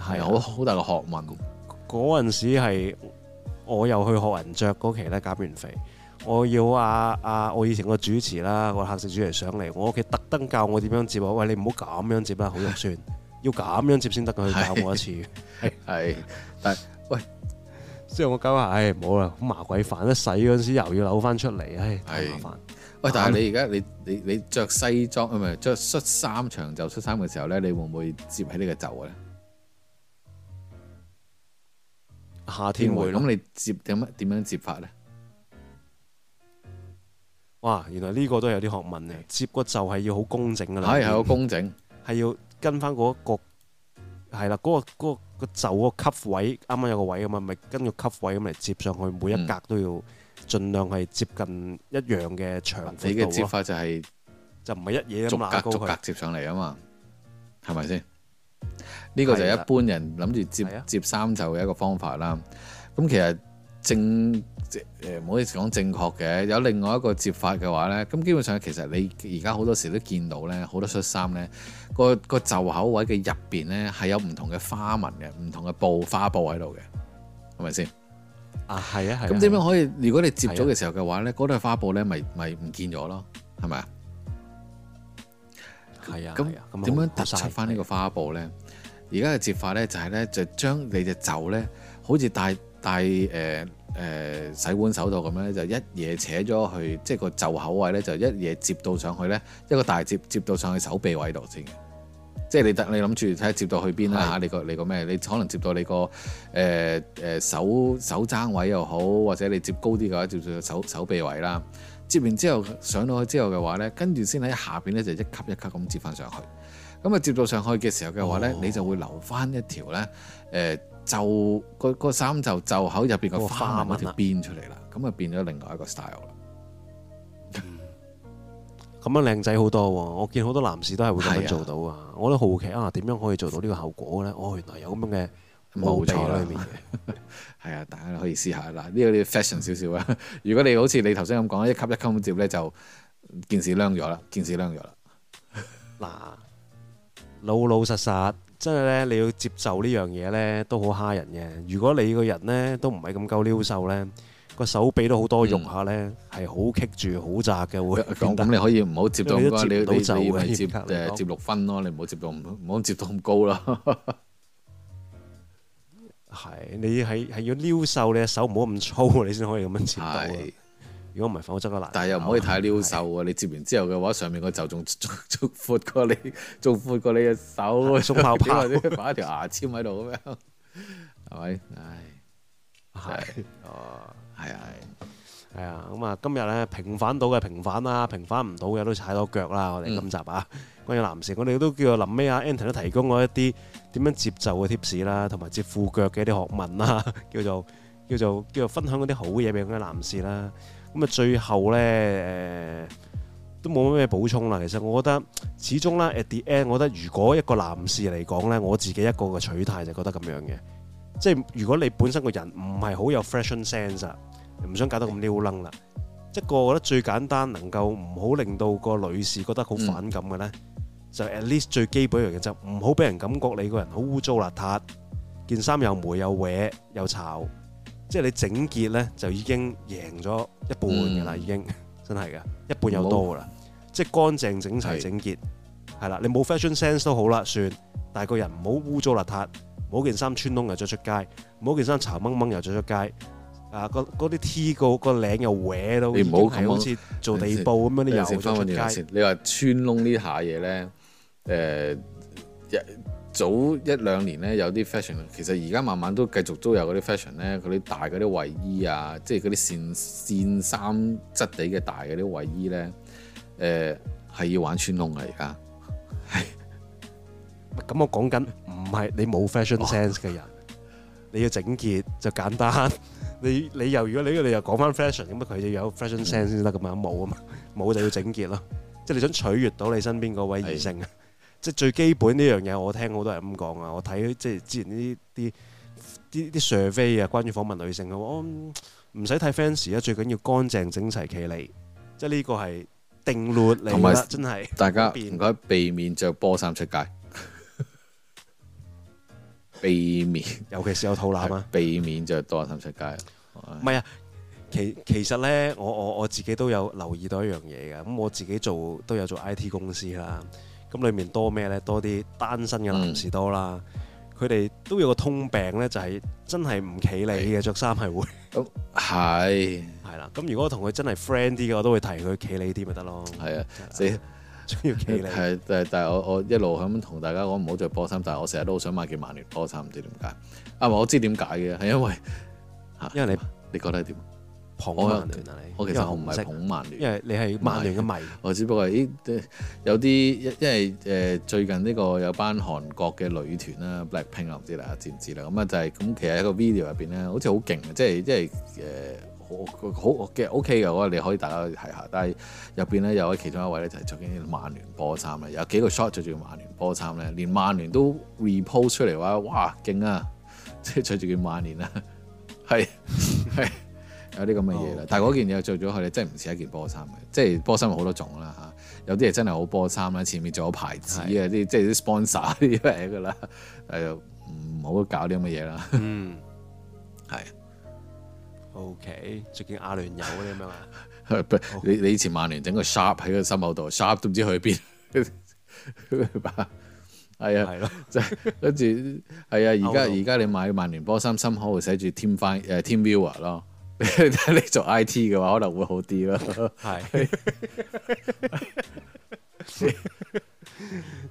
係好好大個學問啊。嗰陣時係我又去學人着，嗰期咧減完肥，我要阿、啊、阿、啊、我以前個主持啦，個客席主持上嚟，我屋企特登教我點樣接啊！喂，你唔好咁樣接啦，好肉酸， [laughs] 要咁樣接先得㗎。佢教我一次，係但係喂。即係我膠鞋，唉，冇啦、哎，麻鬼煩，煩！一洗嗰陣時又要扭翻出嚟，唉、哎，麻是煩。喂，但係你而家你你你著西裝，唔係著恤衫長袖恤衫嘅時候咧，你會唔會接起呢個袖嘅咧？夏天會咁，你接點乜點樣接法咧？哇！原來呢個都有啲學問嘅，接個袖係要好工整噶啦，係係好工整，係要跟翻嗰個係啦，嗰個嗰個。那個那個那個那個個就個級位，啱啱有個位咁嘛，咪跟住級位咁嚟接上去，每一格都要盡量係接近一樣嘅長度。嗯、你嘅接法就係、係、就唔係一嘢咁拉過佢，逐格逐格接上嚟啊嘛，係咪先？呢、呢個就一般人諗住接了接衫袖嘅一個方法啦。咁其實～正誒唔好意思講正確嘅，有另外一個接法嘅話咧，咁基本上其實你而家好多時都見到咧，好多恤衫咧個個袖口位嘅入邊咧係有唔同嘅花紋嘅，唔同嘅布花布喺度嘅，係咪先？啊，係啊，係。咁點樣可以？如果你接咗嘅時候嘅話咧，嗰對花布咧咪咪唔見咗咯，係咪啊？係啊，咁點樣突出翻呢個花布咧？而家嘅接法咧就係咧就將你隻袖咧好似帶。帶誒誒、呃呃、洗碗手套咁樣咧，就一嘢扯咗去，即係個袖口位咧，就一嘢摺到上去咧，一個大摺摺到上去手臂位度先。即係你得你諗住睇下摺到去邊啦嚇？你個你個咩？你可能摺到你個誒誒手手踭位又好，或者你摺高啲嘅話，摺住手手臂位啦。摺完之後上到去之後嘅話咧，跟住先喺下邊咧就一級一級咁摺翻上去。咁啊，接到上去嘅時候嘅話咧，哦、你就會留翻一條咧，誒、呃、袖、嗰個個衫袖袖口入邊個花紋一條邊出嚟啦。咁啊，變咗另外一個 style 啦、嗯。咁啊，靚仔好多喎！我見好多男士都係會咁樣做到是啊！我都好奇啊，點樣可以做到呢個效果咧？哦，原來有咁樣嘅毛料裏面嘅、嗯。係啊，大家可以試下嗱，呢個要 fashion 少少啊。如果你好似你頭先咁講，一級一級咁接咧，就件事靚咗啦，件事靚咗啦。嗱。 [laughs] 老老實實，真係咧，你要接受呢樣嘢咧，都好蝦人嘅。如果你個人咧都唔係咁夠嬌瘦咧，個手臂都好多、嗯、肉下咧，係好棘住、好窄嘅、嗯、會。咁你可以唔好接住啩？你你你接誒、嗯、接六分咯，你唔好接住，唔好接到咁高啦。係， [laughs] 你係係要嬌瘦，你嘅手唔好咁粗，你先可以咁樣接到。如果唔係，否骨真係難。但係又唔可以太撩手喎。的你接完之後嘅話，上面個就仲足足闊過你，仲闊過你隻手，送冒泡，或者擺條牙籤喺度咁樣，係咪？唉，係，哦，係啊，係啊， [laughs] 咁啊，今日咧平反到嘅平反啦，平反唔到嘅都踩到腳啦。我哋今集啊，嗯、關於男士，我哋都叫臨尾啊。Anton 都提供我一啲點樣接袖嘅 tips 啦，同埋接褲腳嘅一啲學問啦，叫做叫做,叫做,叫,做,叫,做,叫,做叫做分享嗰啲好嘢俾我哋男士啦。咁啊，最後咧誒、呃，都冇乜咩補充啦。其實我覺得始終啦，at the end，我覺得如果一個男士嚟講咧，我自己一個嘅取態就覺得咁樣嘅。即係如果你本身個人唔係好有 fashion sense 啊，唔想搞得咁僆楞啦。一個我覺得最簡單能夠唔好令到個女士覺得好反感嘅咧，嗯、就 at least 最基本一樣嘢就唔好俾人感覺你個人好污糟邋遢，件衫又黴又歪又吵。即係你整潔咧，就已經贏咗一半嘅啦，已經、嗯、真係嘅，一半有多嘅啦。嗯、即係乾淨整齊整潔，係啦是，你冇 fashion sense 都好啦，算。但係個人唔好污糟邋遢，冇件衫穿窿又着出街，冇件衫巢掹掹又着出街。啊，嗰啲 T 個個領又歪到，唔不在好睇好似做地布咁樣，你又你話穿窿呢下嘢咧？誒、呃，呃.早一兩年咧，有啲 fashion，其實而家慢慢都繼續都有嗰啲 fashion 咧，嗰啲大嗰啲衞衣啊，即係嗰啲線線衫質地嘅大嗰啲衞衣咧，誒、呃、係要玩穿窿嚟而家，咁 [noise] 我講緊唔係你冇 fashion sense 嘅人，哇你要整潔就簡單。你你又如果你你又講翻 fashion，咁啊佢就有 fashion sense 先得咁樣，冇啊嘛，冇就要整潔咯，即係你想取悅到你身邊嗰位異性。即係最基本呢樣嘢，我聽好多人咁講啊！我睇即係之前呢啲啲啲啊，survey, 關於訪問女性嘅，我唔使睇 fancy，最緊要乾淨整齊企嚟，即係呢個係定律嚟，同埋真係大家唔該避免着波衫出街。 [laughs] 避免，尤其是有肚腩啊！避免着波衫出街。唔 [laughs] 係啊，其其實呢，我我我自己都有留意到一樣嘢嘅。咁我自己做都有做 I T 公司啦。 [laughs] 咁裏面多咩咧？多啲單身嘅男士多啦，佢哋、嗯、都有個通病咧，就係真係唔企你嘅着衫係會，係、嗯，係啦。 [laughs] 咁如果同佢真係 friend 啲嘅，我都會提佢企你啲咪得咯。係的啊，最中意企你。係，但係但係我我一路咁同大家講唔好着波衫，但係我成日都好想買件萬年波衫，唔知點解。啊，我知點解嘅，係因為嚇，啊、因為你，你覺得係點？我其實我唔係捧曼聯，因為你係曼聯嘅迷，我只不過依有啲，因為誒最近呢個有班韓國嘅女團啦，Blackpink 啊，唔知大家知唔知啦？咁啊就係咁，其實喺個 video 入邊咧，好似好勁即係即係誒好好 OK 嘅，話你可以大家可以睇下。但係入邊咧有其中一位咧就係著緊曼聯波衫咧，有幾個 shot 著住曼聯波衫咧，連曼聯都 repose 出嚟話哇勁啊，即係著住件曼聯啦，係係。有啲咁嘅嘢啦，啊、但係嗰件嘢做咗佢咧，真係唔似一件波衫嘅。即係波衫有好多種啦，嚇、啊、有啲嘢真係好波衫啦，前面仲有牌子啊，啲即係啲 sponsor 啲嘢噶啦。誒唔好搞啲咁嘅嘢啦。嗯，係。O、okay, K. 最近阿聯有啲咩啊？你你以前曼聯整個 Sharp 喺個心口度，Sharp 都唔知去邊。係啊，係咯，即係跟住係啊。而家而家你買曼聯波衫，心口會寫住 Team Viewer 咯。你睇 [laughs] 你做 I T 嘅話，可能會好啲咯，係，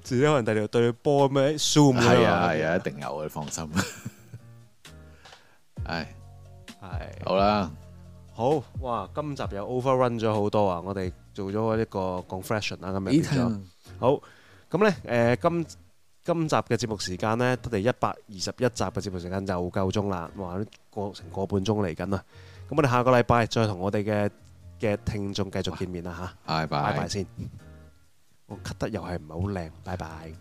仲有可能帶住對波咁樣 zoom 咯，係啊係啊，們一定有你 [laughs] 放心。係係，好啦，好，哇，今集又 overrun 咗好多啊！我哋做咗一個 conflation 啦，咁樣變咗。E、tern. 好，咁咧，誒、呃，今今集嘅節目時間咧，第一百二十一集嘅節目時間就夠鐘啦，哇，過，過成個半鐘嚟緊啊！咁我哋下個禮拜再同我哋嘅嘅聽眾繼續見面啦吓，哇拜拜，拜拜先，我咳得又係唔係好靚， [laughs] 拜拜。